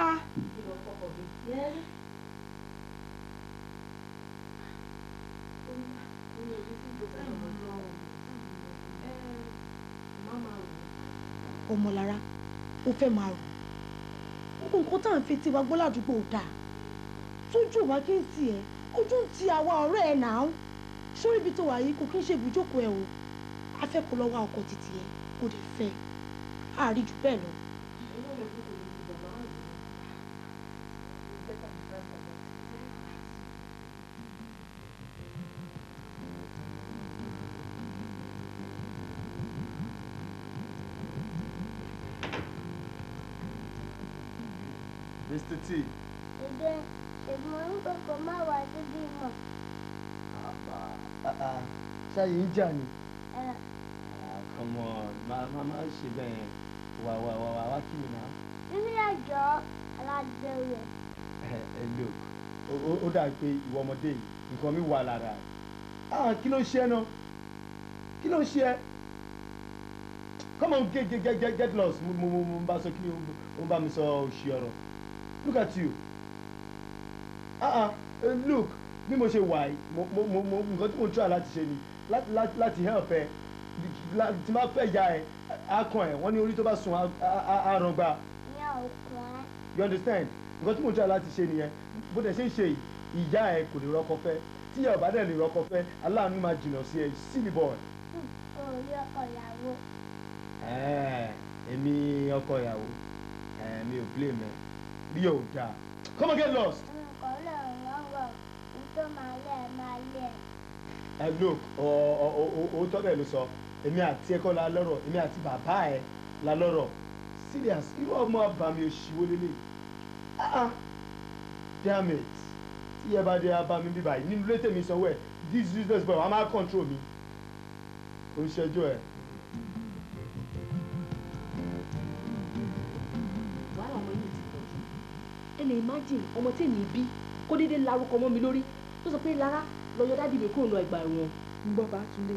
ọmọlára ó fẹ́ máa rò gbogbo nǹkan tá à ń fi tiwa gbọ́ ládùúgbò dáa tójú wa kí n tì ẹ́ ojú ń ti àwa ọ̀rẹ́ ẹ̀ náà sórí ibi tó wà yìí kò kí n ṣe ibùjókòó ẹ̀ o afẹ́kọ̀ọ́ lọ́wọ́ ọkọ̀ títì ẹ̀ kò lè fẹ́ àárí jù bẹ́ẹ̀ lọ. Mr. T. Ìgbẹ́ ìgbìmọ̀ orúkọ má wà síbí mọ̀. Ṣáyé ń jà ni. Come máa máa ń ṣe bẹ́ẹ̀ yẹn wà wà wà wà wá kí mi náà. nínú ẹjọ́ alájẹwò. ẹ ẹ look ó dàbí pé ìwọ ọmọdé yìí nǹkan mi wà lára ẹ ah kí ló ń ṣe ẹ náà kí ló ṣe ẹ come on get get get get get lost mo mo mo n bá sọ kí o bá mi sọ òṣì ọ̀rọ̀ look at you ah ah eh, look bí mo ṣe wà yìí mo mo mo nǹkan tí mo ń try láti ṣe ni láti help ẹ tí má fẹ́ ya ẹ̀ á kàn wọ́n ní orí tó bá sùn á ràn you understand nǹkan tí mo ń tọ́ láti ṣe nìyẹn bó dẹ̀ ṣe ń ṣe ìyá ẹ̀ kò lè rọ́kọ fẹ́ tí ìyá ò bá dẹ̀ lè rọ́kọ fẹ́ aláàánú máa jìnnà sí ẹ sílì bọ̀. orí ọkọ ìyàwó. èmi ọkọ ìyàwó mi ò blé mẹ rí ò dáa come and get lost. nǹkan náà wọ́n wọ̀ nítorí màá lẹ̀ máa lẹ̀. ẹ look ó tọ́ bẹ́ẹ̀ ló sọ. So èmi àti ẹkọ la lọ́rọ̀ èmi àti bàbá ẹ la lọ́rọ̀ serious irú ọmọ abàmì òṣìwò lélẹ̀ ah, ah damn it tí ẹ bá dé abàmì bíbá yìí nínú létè mi sanwó ẹ this useless boy wàá máa control mi kò ń ṣẹjọ́ ẹ. wàhálà ọmọ yìí ti pọ̀ ẹ lè imagine ọmọ tí èmi bí kó déédéé larúkọ mọ́ mi lórí tó sọ pé lára lọ́yọ́ dádìbò kúrò lọ ìgbà ẹ̀wọ̀n ń gbọ́ bá tún lé.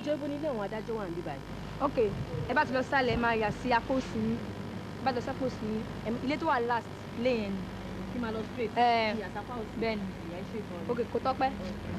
ẹjọ́ ibo nílé àwọn adájọ́ wà níbí báyìí. ok ẹ bá ti lọ sálẹ̀ ẹ máa yà sí apòsí yín ẹ bá ti lọ sí apòsí yín ilé tó wà last lẹ́yìn ẹni. kí máa lọ straight. ẹ bẹ́ẹ̀ni ok kò tọ́pẹ́. Okay.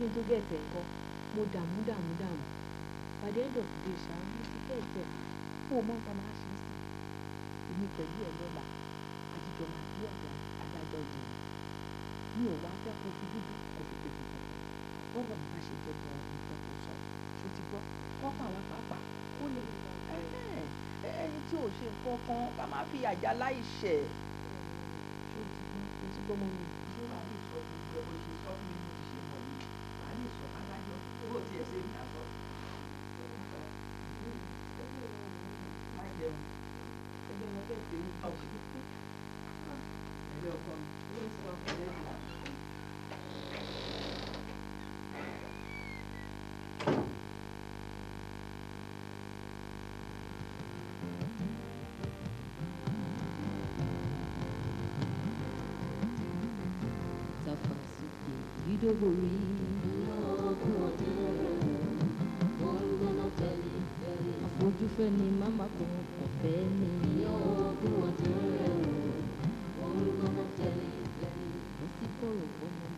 kí n tó gẹ̀ẹ́tẹ̀ nǹkan mo dààmú dààmú dààmú by the end of the day ṣáà mo ti gẹ̀ẹ́tẹ̀ fún ọmọ ah, nǹkan máa ṣe é sí èmi pẹ̀lú ẹ̀ lọ́la àtijọ́ máa bí ọ̀gá adájọ́ jẹ mi ò wá fẹ́ kó fi dúdú kó fi pè fún bọ́ọ̀bọ̀ bá ṣe jẹ́ gan nǹkan tó sọ ṣó ti gbọ́ kọ́kọ́ àwa pàápàá ó lè ẹni tí ò ṣe nǹkan kan ká má fi àjà láì ṣẹ̀ ṣó ti gbọ́ ṣó ti gbọ́ mọ́ mi. Safra Suki, Guido Boris. ojú fẹ́ ni màmá kò kò fẹ́ ni. ìyá òkú ọjọ́ rẹ̀ wò orúkọ mọ́ tẹ̀lé ìfẹ́ ni. kọ̀rọ̀ fún mi.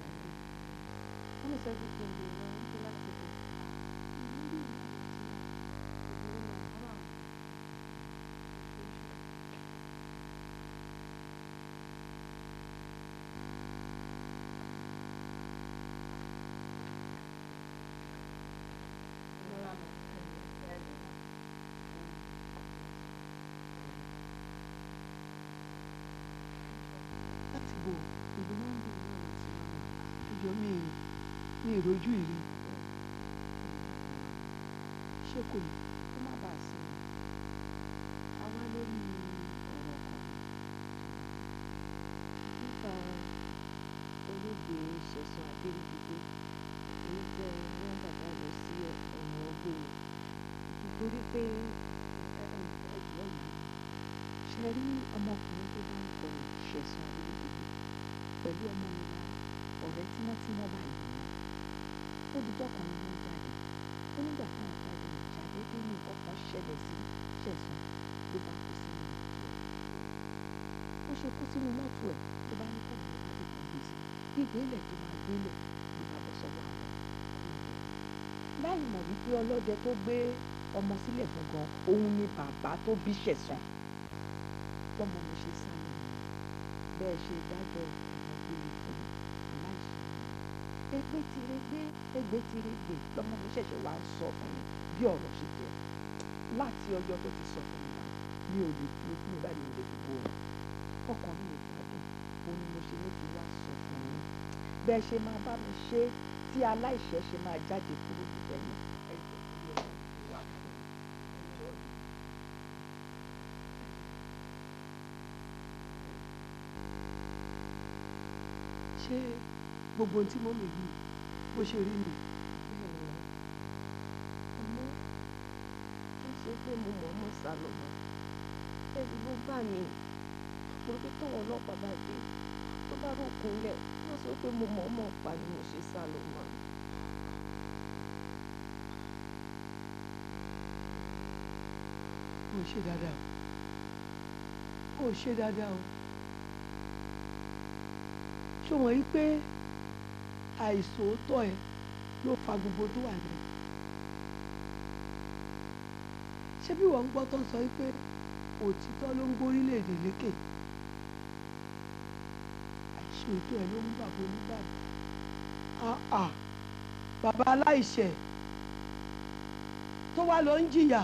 dojú ìrì ṣé kò yẹ kó má bàa sí i a wá lórí ọ̀rọ̀ kan nípa olóògbé Ṣẹ̀san Adéríbigbé èyí tẹ wọ́n bàbá lọ sí ẹ̀wọ̀n gbére nítorí pé ẹ̀jọ̀ yìí ṣe rí ọmọkùnrin tó dárúkọ Ṣẹ̀san Adéríbigbé pẹ̀lú ọmọ ìlà ọ̀rẹ́ tímọ́tímọ́ báyìí ó dijọ́ kan ni wọ́n jáde ó nígbà táwọn jáde ní ṣàdédé ní nǹkan kan ṣẹlẹ̀ sí ṣẹ̀sán ló bá kú sínú mọ́tò ẹ̀ ó ṣe kú sínú mọ́tò ẹ̀ tó bá ní kọ́nà ló bá dé kan gbèsè gbígbé ilẹ̀ tó máa gbé ilẹ̀ ló bá bọ́ sọ́wọ́ àwọn ọlọ́dẹ láì mọ̀ wípé ọlọ́dẹ tó gbé ọmọ sílẹ̀ gangan òun ni bàbá tó bí ṣẹ̀sán bọ́mọ mi ṣe sá lẹ́nu bẹ́ẹ̀ ṣe dájọ́ ẹgbẹ́tìrégbé ẹgbẹ́tìrégbé lọ́mọ mi ṣẹ̀ṣẹ̀ wá sọ fún mi bí ọ̀rọ̀ ṣe jẹ́ láti ọjọ́ tó ti sọ fún mi náà mi ò lè fi mi báyìí mi lè fi bó rẹ̀ ọkàn mi ò gbádùn òun ni mo ṣe ní kí wá sọ fún mi bẹ́ẹ̀ ṣe máa bá mi ṣe tí aláìṣẹ̀ ṣe máa jáde kúrò níbẹ̀ náà. ṣé gbogbo ohun tí mo lè rí bó ṣe rí mi. àmọ́ ó ṣe pé mo mọ̀ mọ́ sá lọ ló bà mí mo rí tọ́wọ́ ọlọ́pàá bá dé tó bá rògùn lẹ̀ wọ́n sọ pé mo mọ̀ mọ́ pa ni mo ṣe sá lọ ṣe dáadáa ò ṣe dáadáa o ṣé wọ́n pé àìsòótọ́ ẹ ló fa gbogbo tó wà lẹ́yìn ṣé bí wọ́n ń gbọ́ tó ń sọ pé òtítọ́ ló ń gbórílẹ̀-èdè lékè àìsòótọ́ ẹ ló ń bàbá oníbàbà àà bàbá aláìṣẹ̀ tó wá lọ ń jìyà.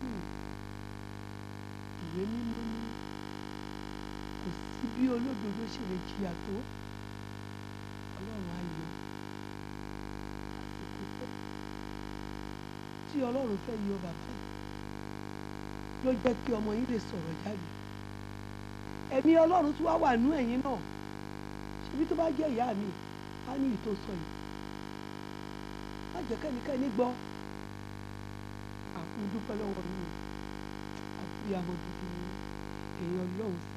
Hmm, ìwé mímọ́ ni bí olódodo ṣe lè jìyà tó ọlọ́run á yọ àsìkò tó tí ọlọ́run fẹ́ yọ bàbá yìí ló jẹ́ kí ọmọ yín lè sọ̀rọ̀ jáde ẹ̀mí ọlọ́run tí wá wà nú ẹ̀yìn náà ṣebí tó bá jẹ́ ìyá mi á ní ìtò sọ yìí má jẹ́ kẹ́nikẹ́ni gbọ́ àkúndúpẹ́ lọ́wọ́ mi àkúyàmọ̀ dúdú èèyàn lọ́hùn sí.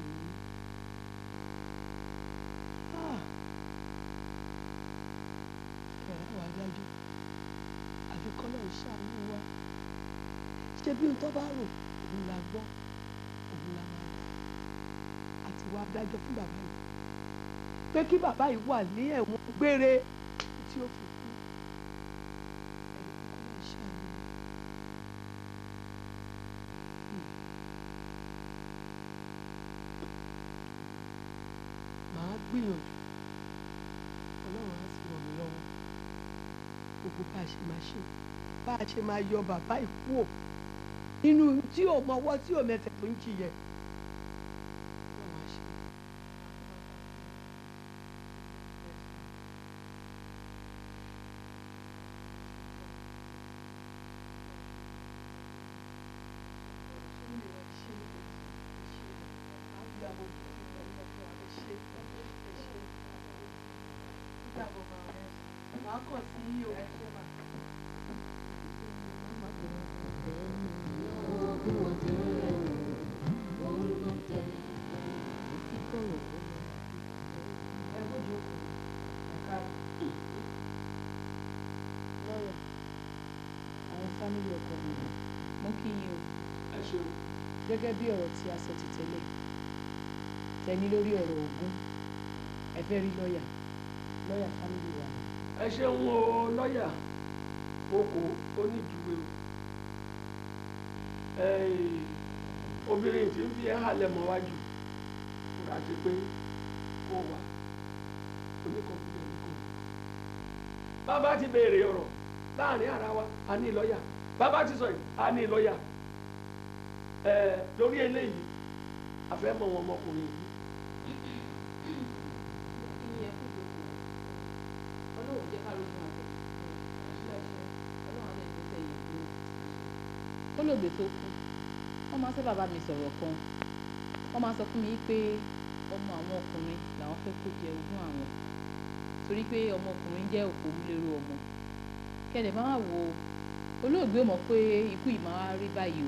ṣàánú wa ṣé bí n tó bá rò òun la gbọ́ òun la máa dá àti wàá dájọ́ fún bàbá yìí pé kí bàbá yìí wà ní ẹ̀wọ̀n gbére tí ó fi a ṣe máa yọ bàbá ìkú ò nínú tí ò mọwọ́ tí ò mẹsẹ̀ tó ń jìyẹ gẹ́gẹ́ bí ọ̀rọ̀ tí a sọ ti tẹ́lẹ̀ tẹni lórí ọ̀rọ̀ ogun ẹ fẹ́ rí lọ́ọ̀yà wa. ẹ ṣeun o lọ́ọ̀yà oko onídùúwe o obìnrin tí ń fi mọ́ wájú pé kó ti béèrè ọ̀rọ̀ láàrin ara wa a ní lọ́ọ̀yà bàbá ti sọ a ní lọ́ọ̀yà. ẹ torí eléyìí àfẹ́mọ̀ wọn ọmọkùnrin yìí. olóògbé tó kú wọ́n máa ń sẹ́ bàbá mi sọ̀rọ̀ kan wọ́n máa sọ fún mi pé ọmọ àwọn ọkùnrin làwọn fẹ́ kó jẹ ogún àwọn torí pé ọmọkùnrin jẹ́ òkú lérò ọmọ kẹ́lẹ̀ máa olóògbé mọ̀ pé ikú rí báyìí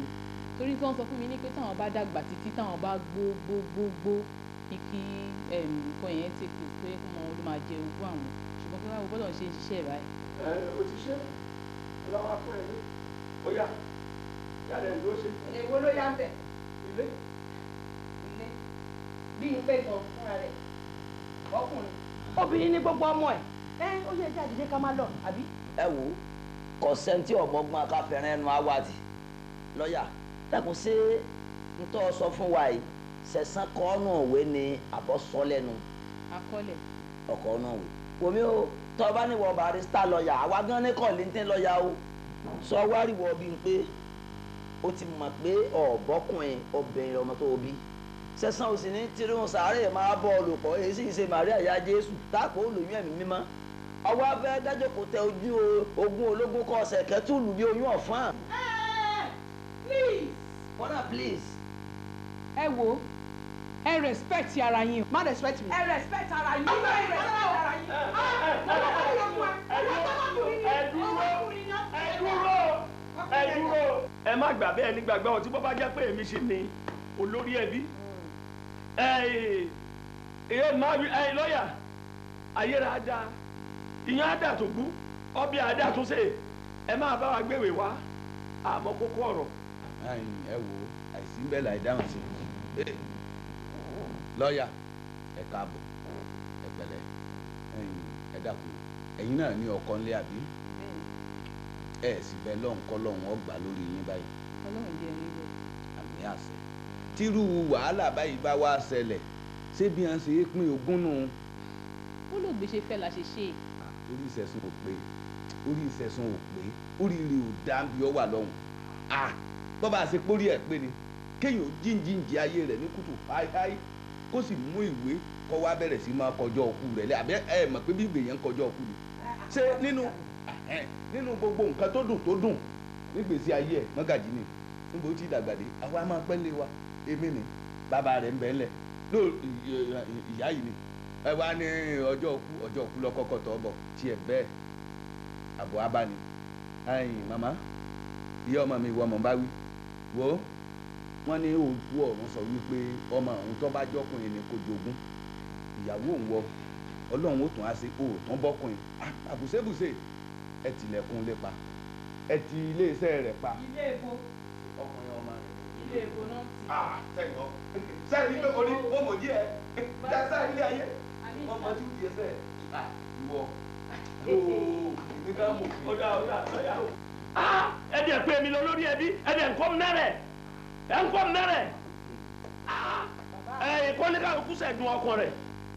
torí tí wọ́n sọ fún mi ní pé táwọn bá dàgbà títí táwọn bá gbó gbó gbó gbó ní kí nǹkan yẹn ti kù pé kó mọ ló máa jẹ ogún àwọn ṣùgbọ́n pé báwo bọ́dọ̀ ṣe ń ṣiṣẹ́ báyìí. ẹ o ti ṣe ọlọ́wọ́ fún ẹ ní ó yá yálà ẹ̀ ló ṣe. èwo ló yá ń bẹ̀. ilé. ilé bí n pè gan fúnra rẹ̀ ọkùnrin. obìnrin ní gbogbo ọmọ ẹ̀. ẹ ó yẹ kí àdìjẹ ká má lọ àbí. ẹ wò ó kọ̀sẹ́ntì ọ̀gbọ́ngbọ́n akáfẹ́rẹ́ ẹnu awádìí lọ́ọ̀yà dàkún sí ntọ́ sọ fún wa yìí sẹ̀sán kọ́ọ̀nù òwe ni àbọ̀sọ́lẹ́nu. akọ́lẹ̀. ọkọ̀ ọ̀nà òwe. omi o tọ́ ọ bá ní barista lọ́ọ̀yà àwa gan ní o sọ wáríwọ̀ bí n o ti mọ̀ pé ọ̀bọ́kùnrin obìnrin ọmọ tó o bí sẹ̀sán o sì ní tirun sàárè máa olùkọ́ èyí sì ṣe Jésù olùyún tẹ ojú ológun kọ́ ọ̀sẹ̀ bí oyún ọ̀fọ́n please. ẹ wo ẹ respect ara yín o. má respect mi. ẹ respect ara yín. ọmọ ẹ respect ara yín. ẹ ah, dúró ẹ dúró ẹ dúró. ẹ má gbà bẹ́ẹ̀ ní gbàgbọ́ ọtí bọ́bá jẹ́ pé èmi ṣe ni olórí ẹbí. ẹ má rí ẹ lọ́ọ̀yà ayéra ada ìyẹn ada tó gbú ọbẹ̀ ada tó ṣe ẹ máa bá wa gbéwèé wá àmọ́ kókó ọ̀rọ̀. ẹ wò ó níbẹ̀ là ìdáhùn sí lọ́ọ̀yà ẹ káàbọ̀ ẹ pẹ̀lẹ́ ẹ náà ní ọkọ ńlẹ̀ àbí ẹ sì bẹ lọ́nkọ́ lọ́hùn lórí yín báyìí àmì àṣẹ tírú wàhálà báyìí bá wá ṣẹlẹ̀ ṣé bí wọ́n pín ogún nù. ó ló gbèsè fẹ́ la ṣe ṣe. orí ìṣẹ̀sùn ò pé orí ìṣẹ̀sùn ò pé oríire ò dáńbi ọ wà lọ́hùn bọ́ bá pórí ẹ̀ pé ni. kéèyàn jíǹjìǹjì ayé rẹ̀ ní kùtù háíháí kó sì mú ìwé kó wá bẹ̀rẹ̀ sí máa kọjọ́ ọkù ẹ mọ̀ pé bí ìgbèyàn kọjọ́ ọkù ni ṣé nínú nínú gbogbo nǹkan tó dùn tó dùn nígbèsí ayé ẹ̀ mọ́gàjì ni níbo tí ìdàgbàdé àwa máa pẹ́ lé wa èmi ni bàbá rẹ̀ ń bẹ́ lẹ̀ ló ìyá yìí ni ẹ wá ní ọjọ́ ọkù ọjọ́ ọkù lọ́kọ́kọ́ tọ́ bọ̀ wọ́n ní ojú ọ̀run sọ wípé ọmọ òun tó bá jọkùnrin ni kò jogún ìyàwó òun wọ ọlọ́run ó tún á sí òòtún bọ́kùnrin ah, àbùsébùsè ẹ tilẹ̀kùn lè pa ẹ ti iléeṣẹ́ rẹ̀ pa. ilé epo ọkùnrin ọmọ rẹ̀. ilé epo náà ti. ah sẹ́yìnbọn sẹ́yìn pé mo ní mo mọ̀ díẹ̀ dáadáa ilé ayé mo mọ̀ tí ó di ẹsẹ̀ ah ìwọ ooo ìgbéga mo ọ̀dà ọ̀dà a ah ẹ̀dẹ̀ pé mi lọ lórí ẹbí ẹ̀dẹ̀ nǹkan mẹ́rẹ̀ ẹ ń kọ́ mẹ́rẹ̀ ah! ẹ kọ́ ní kálukú sẹ̀dùn ọkàn rẹ̀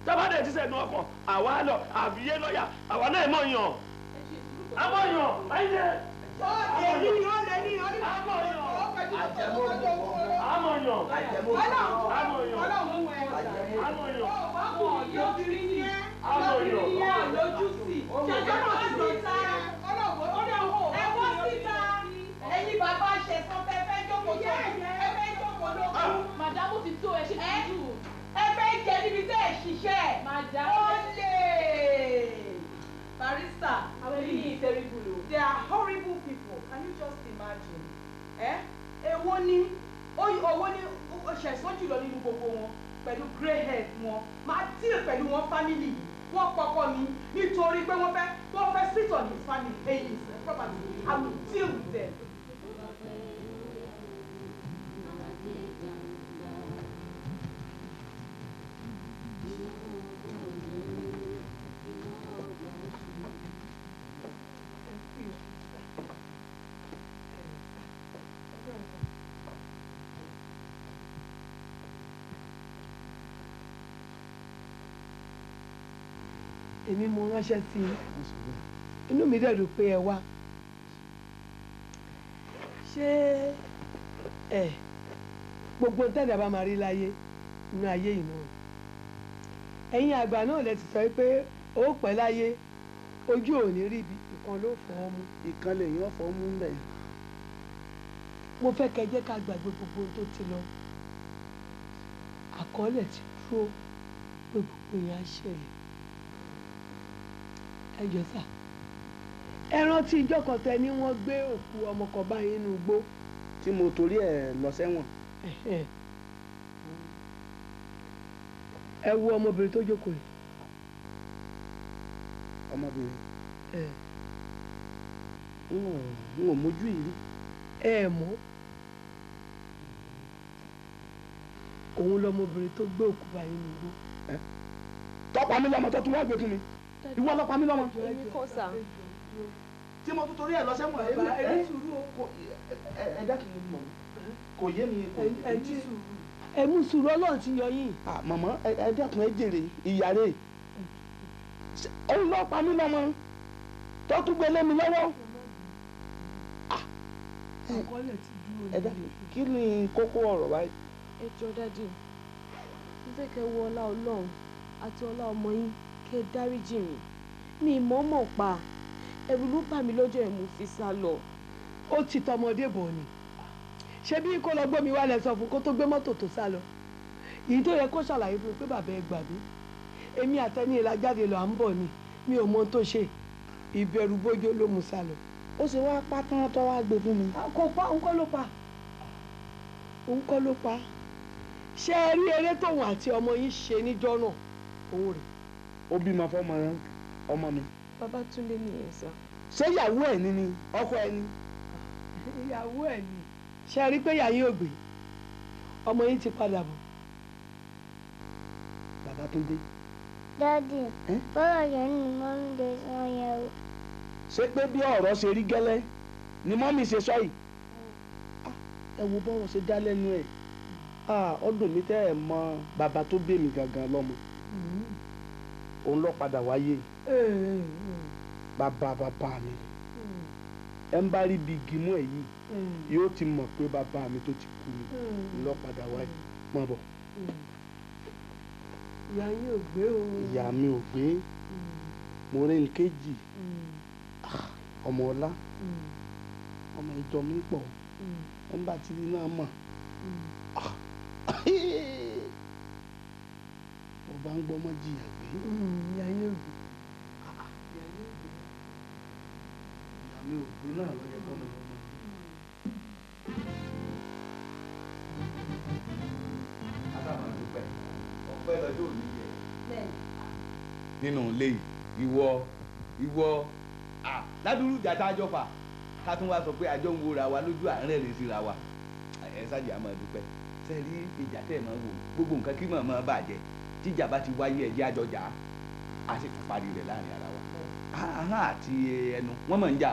tábàdé ti sẹ̀dùn ọkàn àwa lọ àbíyé lọ́yà àwa náà mọ̀ yàn àmọ̀ yàn ayé àmọ̀ yàn àmọ̀ yàn àmọ̀ yàn. màdámù ti tó ẹ ṣe ẹ fẹ́ jẹ níbi tẹ́ ẹ ṣiṣẹ́. màdámù ó lè. barista àwọn yìí terrible o. they are horrible people can you just imagine. ẹ èwo ni owó ni ṣẹ̀sán jùlọ nínú gbogbo wọn pẹ̀lú grey hair wọn máa deal pẹ̀lú wọn family yìí wọ́n pọkọ mi nítorí pé wọ́n fẹ́ wọ́n fẹ́ sit on his family eyín property i will deal with èmi mo ránṣẹ́ sí i inú mi dẹ̀ dùn pé ẹ wá ṣé ẹ gbogbo tẹ́lẹ̀ bá máa rí láyé inú ayé ìnú ẹ̀yin àgbà náà lẹ ti sọ pé ó pẹ́ láyé ojú ò ní rí ibi ìkan ló fọ́ ọ mú. ìkan lè yọ fọ́ mú bẹ́ẹ̀. mo fẹ́ kẹ́ jẹ́ ká gbàgbé gbogbo ohun tó ti lọ àkọọ́lẹ̀ ti dúró pé gbogbo ìyá ṣẹlẹ̀ ẹjọ sá ẹ rántí ìjọ kan tẹ ni wọn gbé òkú ọmọ kan báyìí nínú igbó. tí mo torí ẹ lọ sẹ́wọ̀n. ẹ wo ọmọbìnrin tó jókòó yìí. ọmọbìnrin. n ò mójú ìrí. ẹ mọ òun lọmọbìnrin tó gbé òkú báyìí nínú igbó. tọpa mi lọmọ tó tún wá gbé fún mi. ìwọ ọlọ́pàá mi lọ́mọ. èmi kò sà. tí mo tún torí ẹ̀ lọ sẹ́wọ̀n ẹ̀ bá ẹ̀ sùúrù o. ẹ jẹ́ kí n mọ̀ kò yé mi kò yé mi. ẹ mú sùúrù ọlọ́run ti yọ yín. Ah, màmá ẹ dẹ́kun ẹ jèrè ìyá rẹ̀ òun lọ́ọ́ pa mí lọ́mọ tó tún gbélé mi lọ́wọ́. Ah, ẹ dákun kí ni kókó ọ̀rọ̀ báyìí. ẹ jọ dájú mo fẹ́ kẹ́ wọ ọlá ọlọ́run àti ọlá ọmọ yín kẹ́ ẹ dáríjì mi mi mọ̀ọ́mọ̀ pa ẹ̀rù ló bà mí lọ́jọ́ ẹ̀ mo fi sá lọ. ó ti tọmọdé bọ̀ ni ṣebí kó lọ gbómi wá lẹ sọ fún kó tó gbé mọ́tò tó sá lọ èyí tó yẹ kó ṣàlàyé fún mi pé bàbá ẹ gbà mí èmi àtẹni ìlà jáde lọ à ń bọ̀ ni mi ò mọ tó ṣe ìbẹ̀rù bójó ló mú sá lọ. ó sì wá pa tán tó wá gbé fún mi. kò pa òun kọ́ ló pa òun kọ́ ló pa ṣé ẹ rí eré tóun àti ọmọ yìí ṣe níjọ́ náà òun rèé ó bímọ fọmọ ọmọ mi. Babátúndé nìyẹn sọ. ṣé ìyàwó ẹ̀ ni ni ọkọ ẹ̀ ni. ìyàwó ẹ̀ ni ṣe rí pé yàyí ò gbé ọmọ yìí ti padà bọ̀. Babátúndé. dádì bọ́lá yẹn ni mọ́mídé sọ yẹn o. ṣé pé bí ọ̀rọ̀ ṣe rí gẹ́lẹ́ ni mọ́mí ṣe sọ yìí. Ah, ẹ wo bọ́rọ̀ ṣe dá lẹ́nu ẹ̀ ọdún ah, mi tẹ́ ẹ mọ bàbá tó bí mi gangan lọ́mọ. Mm-hmm òun lọ padà wáyé bàbá bàbá mi ẹ ń bá rí bí gimú ẹ yìí yóò ti mọ̀ pé bàbá mi tó ti kú mi lọ padà wáyé mọ̀ bọ̀. ìyá yín ò gbé o. ìyá mi ò gbé mo rí nkéjì ọmọ ọlá ọmọ ìjọ mi pọ̀ ẹ ń bá tìrì náà mọ̀ ọba mm. ń gbọ́mọ jìyà ìyá yín ògbé ìyá mi ògbé náà ló yẹ kọ́ mi nínú ilé yìí ìwọ ìwọ ládùúrú ìjà tá ká tún wá sọ pé àjọ ń wora wa lójú àárín rẹ̀ síra wa ẹ ṣáàjì àmọ́ dúpẹ́ sẹ́ẹ̀rí ìjà tẹ̀ máa wò gbogbo nǹkan kí màmá bàjẹ́ tíjà bá ti wáyé ẹ̀jẹ̀ àjọjà a sì tún parí rẹ̀ láàrin ara wa ahọ́n àti ẹnu wọ́n mọ̀ ń jà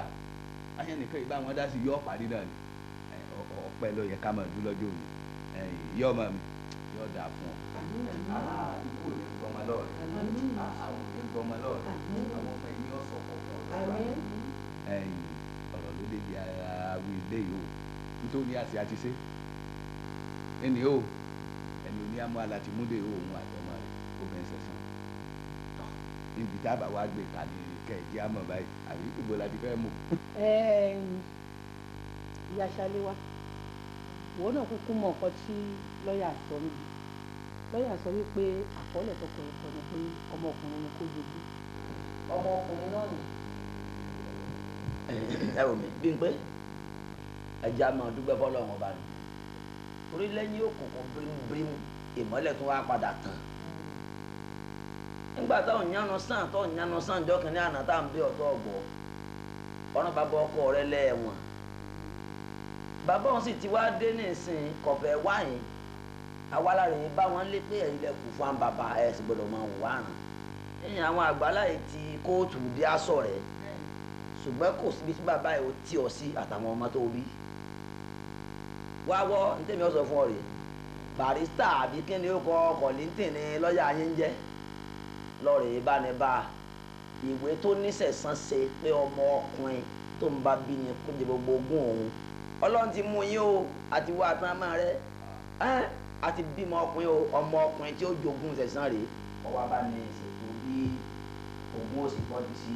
ayé nìkan ìbá wọn dá sí yọ parí náà ni ọpẹ́ ló yẹ ká máa dún lọ́jọ́ òní yọ ọmọ mi yọ dà fún ọ. ọ̀rọ̀ ló dé di àwọn ilé yìí o nítorí àti àti ṣe ẹni o ẹni oní àmọ́ àlàtìmúdè òun àti ibi tábà wá gbé kalẹ̀ kẹ̀jẹ́ àmọ̀ báyìí àbí ìbò la ti fẹ́ mú. ìyá ṣaléwá ìwọ náà kúkú mọ nǹkan tí lọ́ọ̀yà sọ níbi lọ́ọ̀yà sọ wípé àkọọ́lẹ̀ tọkọ̀rọ̀ kan ni pé ọmọkùnrin ni kò jogún ọmọkùnrin náà nìyí ẹ wò mí bí n pé ẹja máa dúpẹ́ fọlọ́run ọba nù orí lẹ́yìn òkùnkùn bírímù bírímù tó wá padà tán nígbà táwọn ìyanu sàn tó ìyanu sàn jọ anata àná tá à ń bí bàbá ọkọ rẹ lẹ́ẹ̀wọ̀n bàbá òun sì ti wá dé nísìn kọ̀fẹ́ wáyìn awalára bá wọn lé pé fún àwọn bàbá sì gbọ́dọ̀ kóòtù aṣọ rẹ̀ kò síbi bàbá yìí tì ọ́ sí àtàwọn ọmọ lọ́rọ̀ ìbánibá ìwé tó nísẹ̀sán ṣe pé ọmọ ọkùnrin tó ń bá bí ni kó jẹ gbogbo ogún òun ọlọ́run ti mú yín o àti wá àtàmà rẹ àti bímọ ọkùnrin o ọmọ ọkùnrin tí ó jogún sẹ̀sán rèé ọwọ́ bá ní ìṣètò bí ogún òsì pọ́jú sí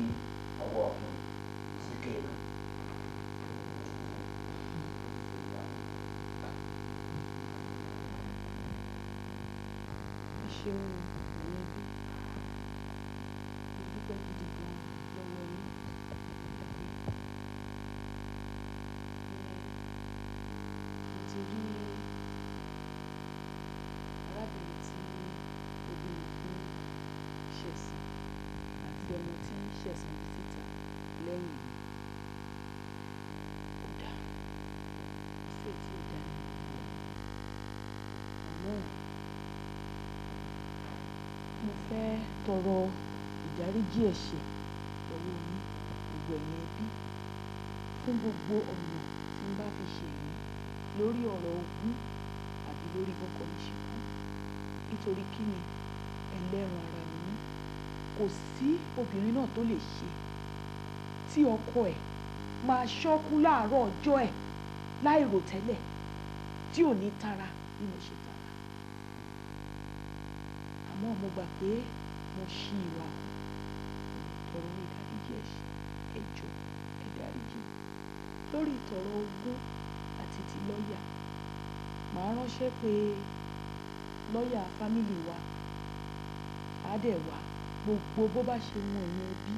ọwọ́ ọkùnrin síkè náà. Thank you. tọrọ ìdáríjì ẹ̀ṣẹ̀ lọ́wọ́ yín gbogbo ẹ̀yin ẹbí fún gbogbo ọ̀nà tí n bá fi ṣe èyí lórí ọ̀rọ̀ ogún àbí lórí bọ́kọ mi ṣe kú nítorí kí ni ẹlẹ́ran ara mi ní kò sí obìnrin náà tó lè ṣe tí ọkọ ẹ̀ máa ṣọ́kú láàárọ̀ ọjọ́ ẹ̀ láìrò tí ò ní tara bí mo ṣe tara àmọ́ mo gbà pé Moshiwa, ṣí ìwà hù, mo tọrọ ìdáríjì ẹ̀ṣẹ̀, ẹ jọ̀ọ́ ẹ dáríjì mi. Lórí ìtọrọ ogún àti ti lọ́yà, màá ránṣẹ́ pé lọ́yà fámílì wa, a dẹ̀ wá gbogbo bó bá ṣe wu ẹ̀yin ẹbí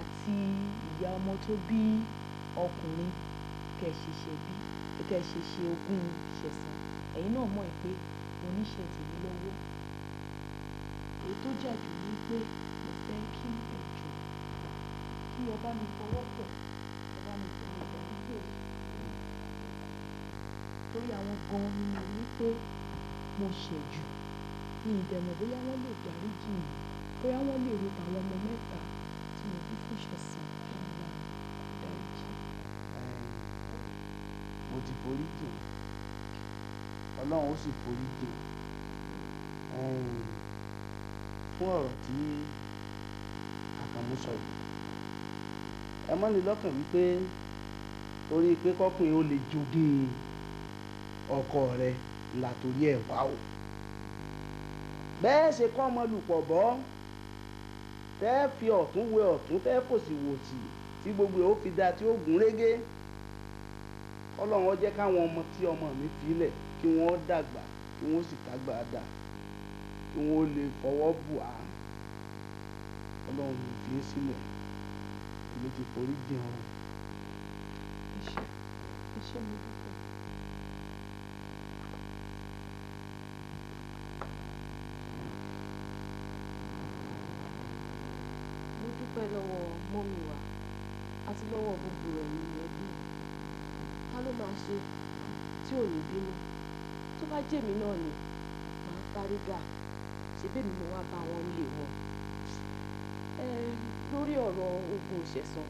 àti ìyá ọmọ tó bí ọkùnrin kẹ̀ ṣe ṣe bí, kẹ̀ ogún ṣẹ̀san. Ẹ̀yin náà mọ̀ pé oníṣẹ́ ti ní Èyí tó jà jù ni pé mo fẹ́ kí ẹ kí ẹ mi fọwọ́ pọ̀, ẹ mi pè mí pẹ̀lú Torí àwọn gan ni mo rí pé mo ṣẹ̀ jù. Mi bóyá wọ́n lè dáríjì mí, bóyá wọ́n lè ro tàwọn ọmọ mẹ́ta tí mo bí fún ìṣẹ̀ṣẹ̀ kí wọ́n bá mi dáríjì. Mo ti forí jìn, Ọlọ́run ó sì forí jìn fún ọ̀rọ̀ tí Àkànmú sọ yìí. Ẹ mọ́ ni lọ́kàn wípé torí pé kọ́kùnrin ó lè jogún ọkọ rẹ látòrí ẹ̀ wá o. Bẹ́ẹ̀ ṣe kọ́ ọmọlùpọ̀ bọ́ tẹ́ fi ọ̀tún wẹ ọ̀tún tẹ́ fòsì wòsì tí gbogbo ẹ̀ ó fi da tí ó gún régé. Ọlọ́run ó jẹ́ káwọn ọmọ tí ọmọ mi fi lẹ̀ kí wọ́n dàgbà kí wọ́n sì tágbà dáa kí wọ́n lè fọwọ́ bù á ọlọ́run fi é sílẹ̀ èmi ti forí jìn ọ́. mo dúpẹ́. lọ́wọ́ mọ́mi àti lọ́wọ́ gbogbo ẹ̀yin ẹbí ká ló máa ṣe tí ò ní bínú tó bá jèmi náà ni màá fárígà ṣe bẹ́ẹ̀ ni mo wá bá wọn lè wọn lórí ọ̀rọ̀ ogun ìṣẹ̀san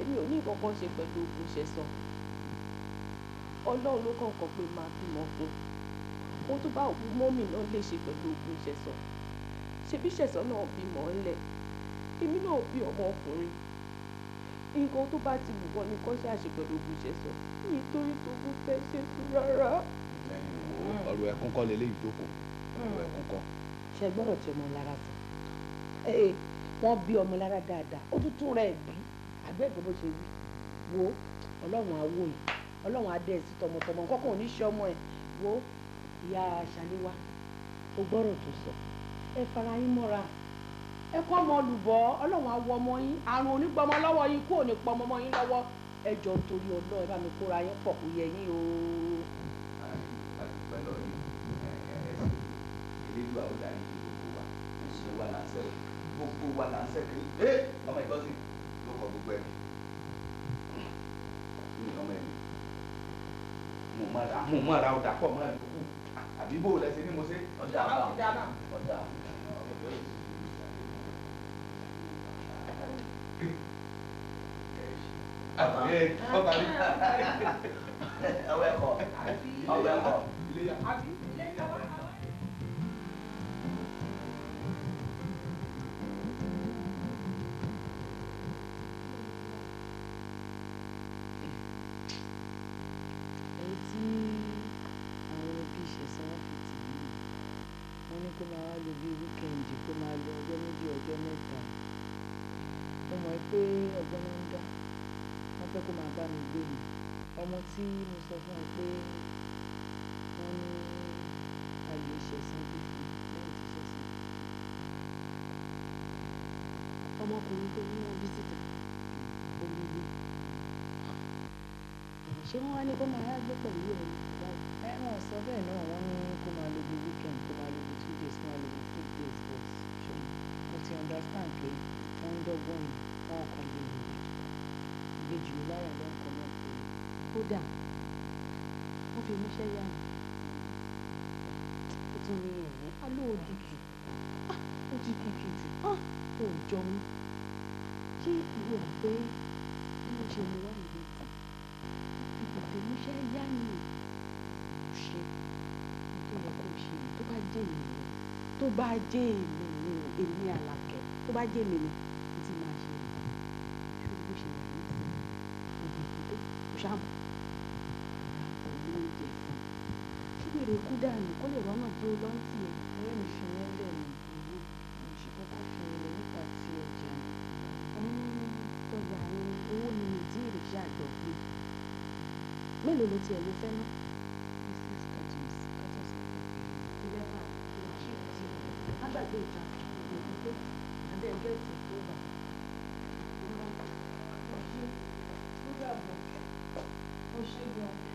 èmi ò ní nǹkan ṣe pẹ̀lú ogun ìṣẹ̀san ọlọ́run ló kọ̀ọ̀kan pé máa bímọ fún ohun tó bá òkú mọ́mì náà lè ṣe pẹ̀lú ogun ìṣẹ̀san ṣebí ìṣẹ̀san náà bímọ ńlẹ̀ èmi náà bí ọmọ nǹkan tó bá ti wù wọ́n ni kọ́ ṣáà ṣe pẹ̀lú ogun ìṣẹ̀san nítorí tó kú fẹ́ ṣètò rárá. ọ̀rọ̀ ẹ̀kún kọ́ lélẹ́yìí tó kù ọ̀rọ̀ ẹ̀kún kọ́ ṣe gbọ́dọ̀ tí ọmọ lára sọ wọ́n bí ọmọ lára dáadáa ó tún tún rẹ̀ bí àgbẹ̀gbẹ̀ bó ṣe wí wo ọlọ́run àwo yìí ọlọ́run adé ẹ̀ sí tọmọtọmọ kọ́kọ́ òní ṣe ọmọ ẹ̀ wo ìyá ṣàlíwá ó gbọ́dọ̀ tó sọ ẹ fara yín mọ́ra ẹ kọ́ ọmọ olùbọ́ ọlọ́run àwọ ọmọ yín àrùn onígbọmọ lọ́wọ́ yín kú òní pọmọ ọmọ yín lọ́wọ́ ẹ jọ nítorí ọlọ́ ẹ bá mi kóra yín pọ̀ kó yẹ yín ooo. àdúrà ó darí ní gbogbo wa gbogbo wa là ń gbogbo wa là ń kiri ẹ ọmọ ìbọ́sì ló kọ gbogbo ẹ̀mí mi ọmọ ẹ̀mí mo mọ̀ra mo mọ̀ra ọ̀dà pọ̀ mọ́ra mi kú àbí bó o lẹ́sẹ̀ ni mo ṣe ọ̀dà àbá ọ̀dà. Ọ̀pá mi. Ọwọ́ ẹ̀kọ́. Ọwọ́ ẹ̀kọ́. mi gbé ni. Ọmọ tí mo sọ fún ẹ pé wọ́n ní ààyè ìṣẹ̀ṣe gbé fún lẹ́yìn tí ìṣẹ̀ṣe. Ọmọkùnrin tó ní wọ́n bí síta, ó ní ilé. Ṣé wọ́n wá ní kó máa yá gbé pẹ̀lú ẹ ni? Ẹ̀ wọ́n sọ bẹ́ẹ̀ náà, wọ́n ní kó máa lo bí weekend, kó máa lo bí two days, kó máa lo bí three days, but mo ti understand pé wọ́n ń dọ́gbọ́n ni, wọ́n kàn lè gbé jù láyà lọ kódà wọ́n fi múṣẹ́ yá mi ó tún ní ẹ̀yìn ah, á ló tutù ah, ó ti tutù jù ah, ó jọ mí ṣé ìwé ọ̀fẹ́ bí wọ́n ṣe mú wá ìwé ìta ìgbà tó múṣẹ́ yá mi ò ṣe ní tó yẹ kó ṣe tó bá jẹ́ èmi ni tó bá jẹ́ èmi ni èmi àlàkẹ́ tó bá jẹ́ èmi ni mo ti máa ṣe ìwé ṣe bó ṣe wà ní ìgbà tó ṣàmù. lè kú dànù kó lè rọ́nà gbé lọ́ ń tì ẹ́. Ọ̀rẹ́ mi fi mí lẹ̀ ní ìlú, mo sì kọ́kọ́ fi mí lẹ̀ nígbà tí ó jẹun. Òun tọ̀yà ni owó ni mi tí èrè ṣe àjọ gbé. Mélòó lo ti ẹ̀ ló fẹ́ ná? Six cartons, cartons of coffee. Eleven and two chips. Má gbàgbé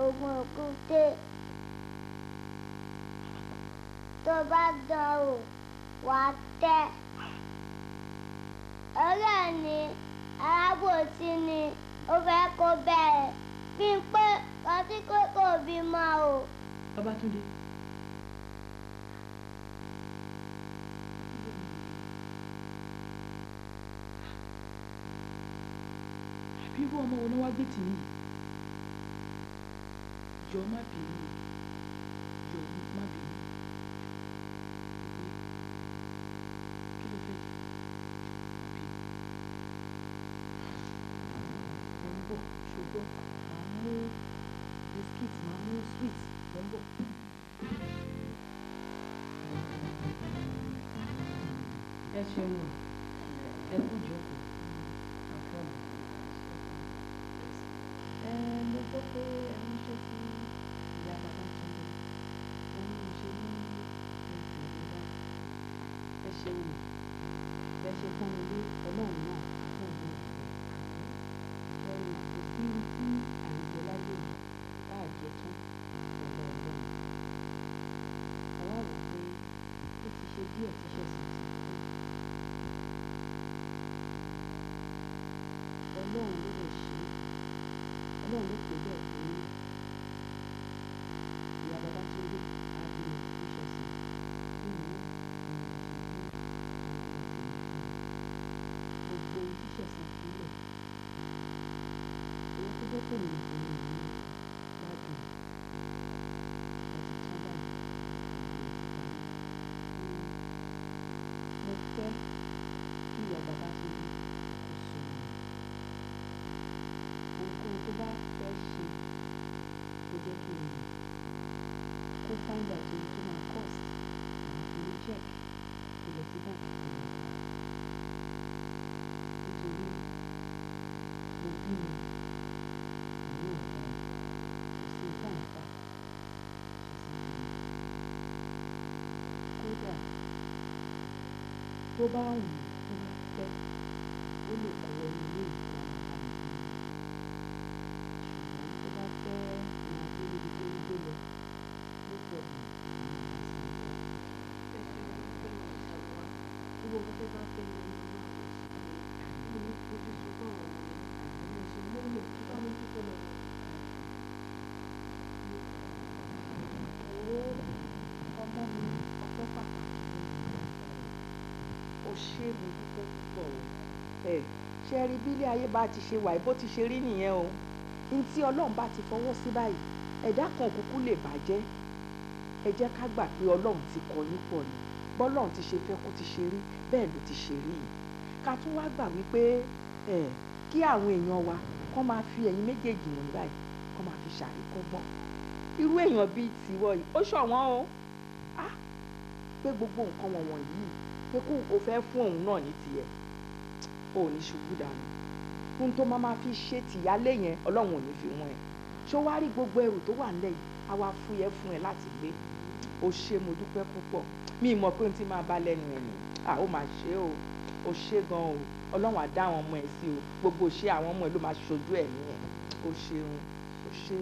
ọkọ tó bá dán o wà tẹ́ ọ̀rẹ́ ni alábòsí ni ó fẹ́ kó bẹ̀rẹ̀ bí n pé ọtí pé kò bímọ o. Babátúndé. àbí irú ọmọ wo ni wọ́n wá gbé tì mí yìí má bínú. ṣe ń lò ẹ kú ìjókòó. mo gbọ́ pé ẹ ń ṣe sí ìyá Babátúndé òun ló ṣe ní ìbéèrè báyìí ẹ ṣeun. goodbye. rí bí ilé ayé bá ti ṣe wà bó ti ṣe rí nìyẹn o n tí ọlọ́run bá ti fọwọ́ sí báyìí ẹ̀dá kan kúkú lè bàjẹ́ ẹ jẹ́ ká gbà pé ọlọ́run ti kọ yín pọ̀ ni bọ́lọ́run ti ṣe fẹ́ kó ti ṣe rí bẹ́ẹ̀ ló ti ṣe rí yìí ká tún wá gbà wípé ẹ̀ kí àwọn èèyàn wa kọ́ máa fi ẹ̀yin méjèèjì yàn báyìí kọ́ máa fi ṣàríkọ́gbọ́n irú èèyàn bíi tiwọ yìí ó ṣọ̀wọ́n o pé gbogbo nǹkan wọ̀nyí pé kó o fẹ́ fún òun náà ní tiẹ̀ ò ní ṣubú dànù ohun tó máa fi ṣe tìyálé yẹn ọlọ́run ò ní fi wọ́n ẹ̀ ṣó wá rí gbogbo ẹrù tó wà nílẹ̀ yìí á wá fúyẹ́ fún ẹ láti gbé o ṣé mo dúpẹ́ púpọ̀ mi mọ̀ pé n ti máa bá lẹ́nu ẹ̀ nì à ó máa ṣe o o ṣé gan o ọlọ́run á dá àwọn ọmọ ẹ̀ sí o gbogbo ṣé àwọn ọmọ ẹ̀ ló máa ṣojú ẹ̀ nìyẹn o ṣeun o ṣé.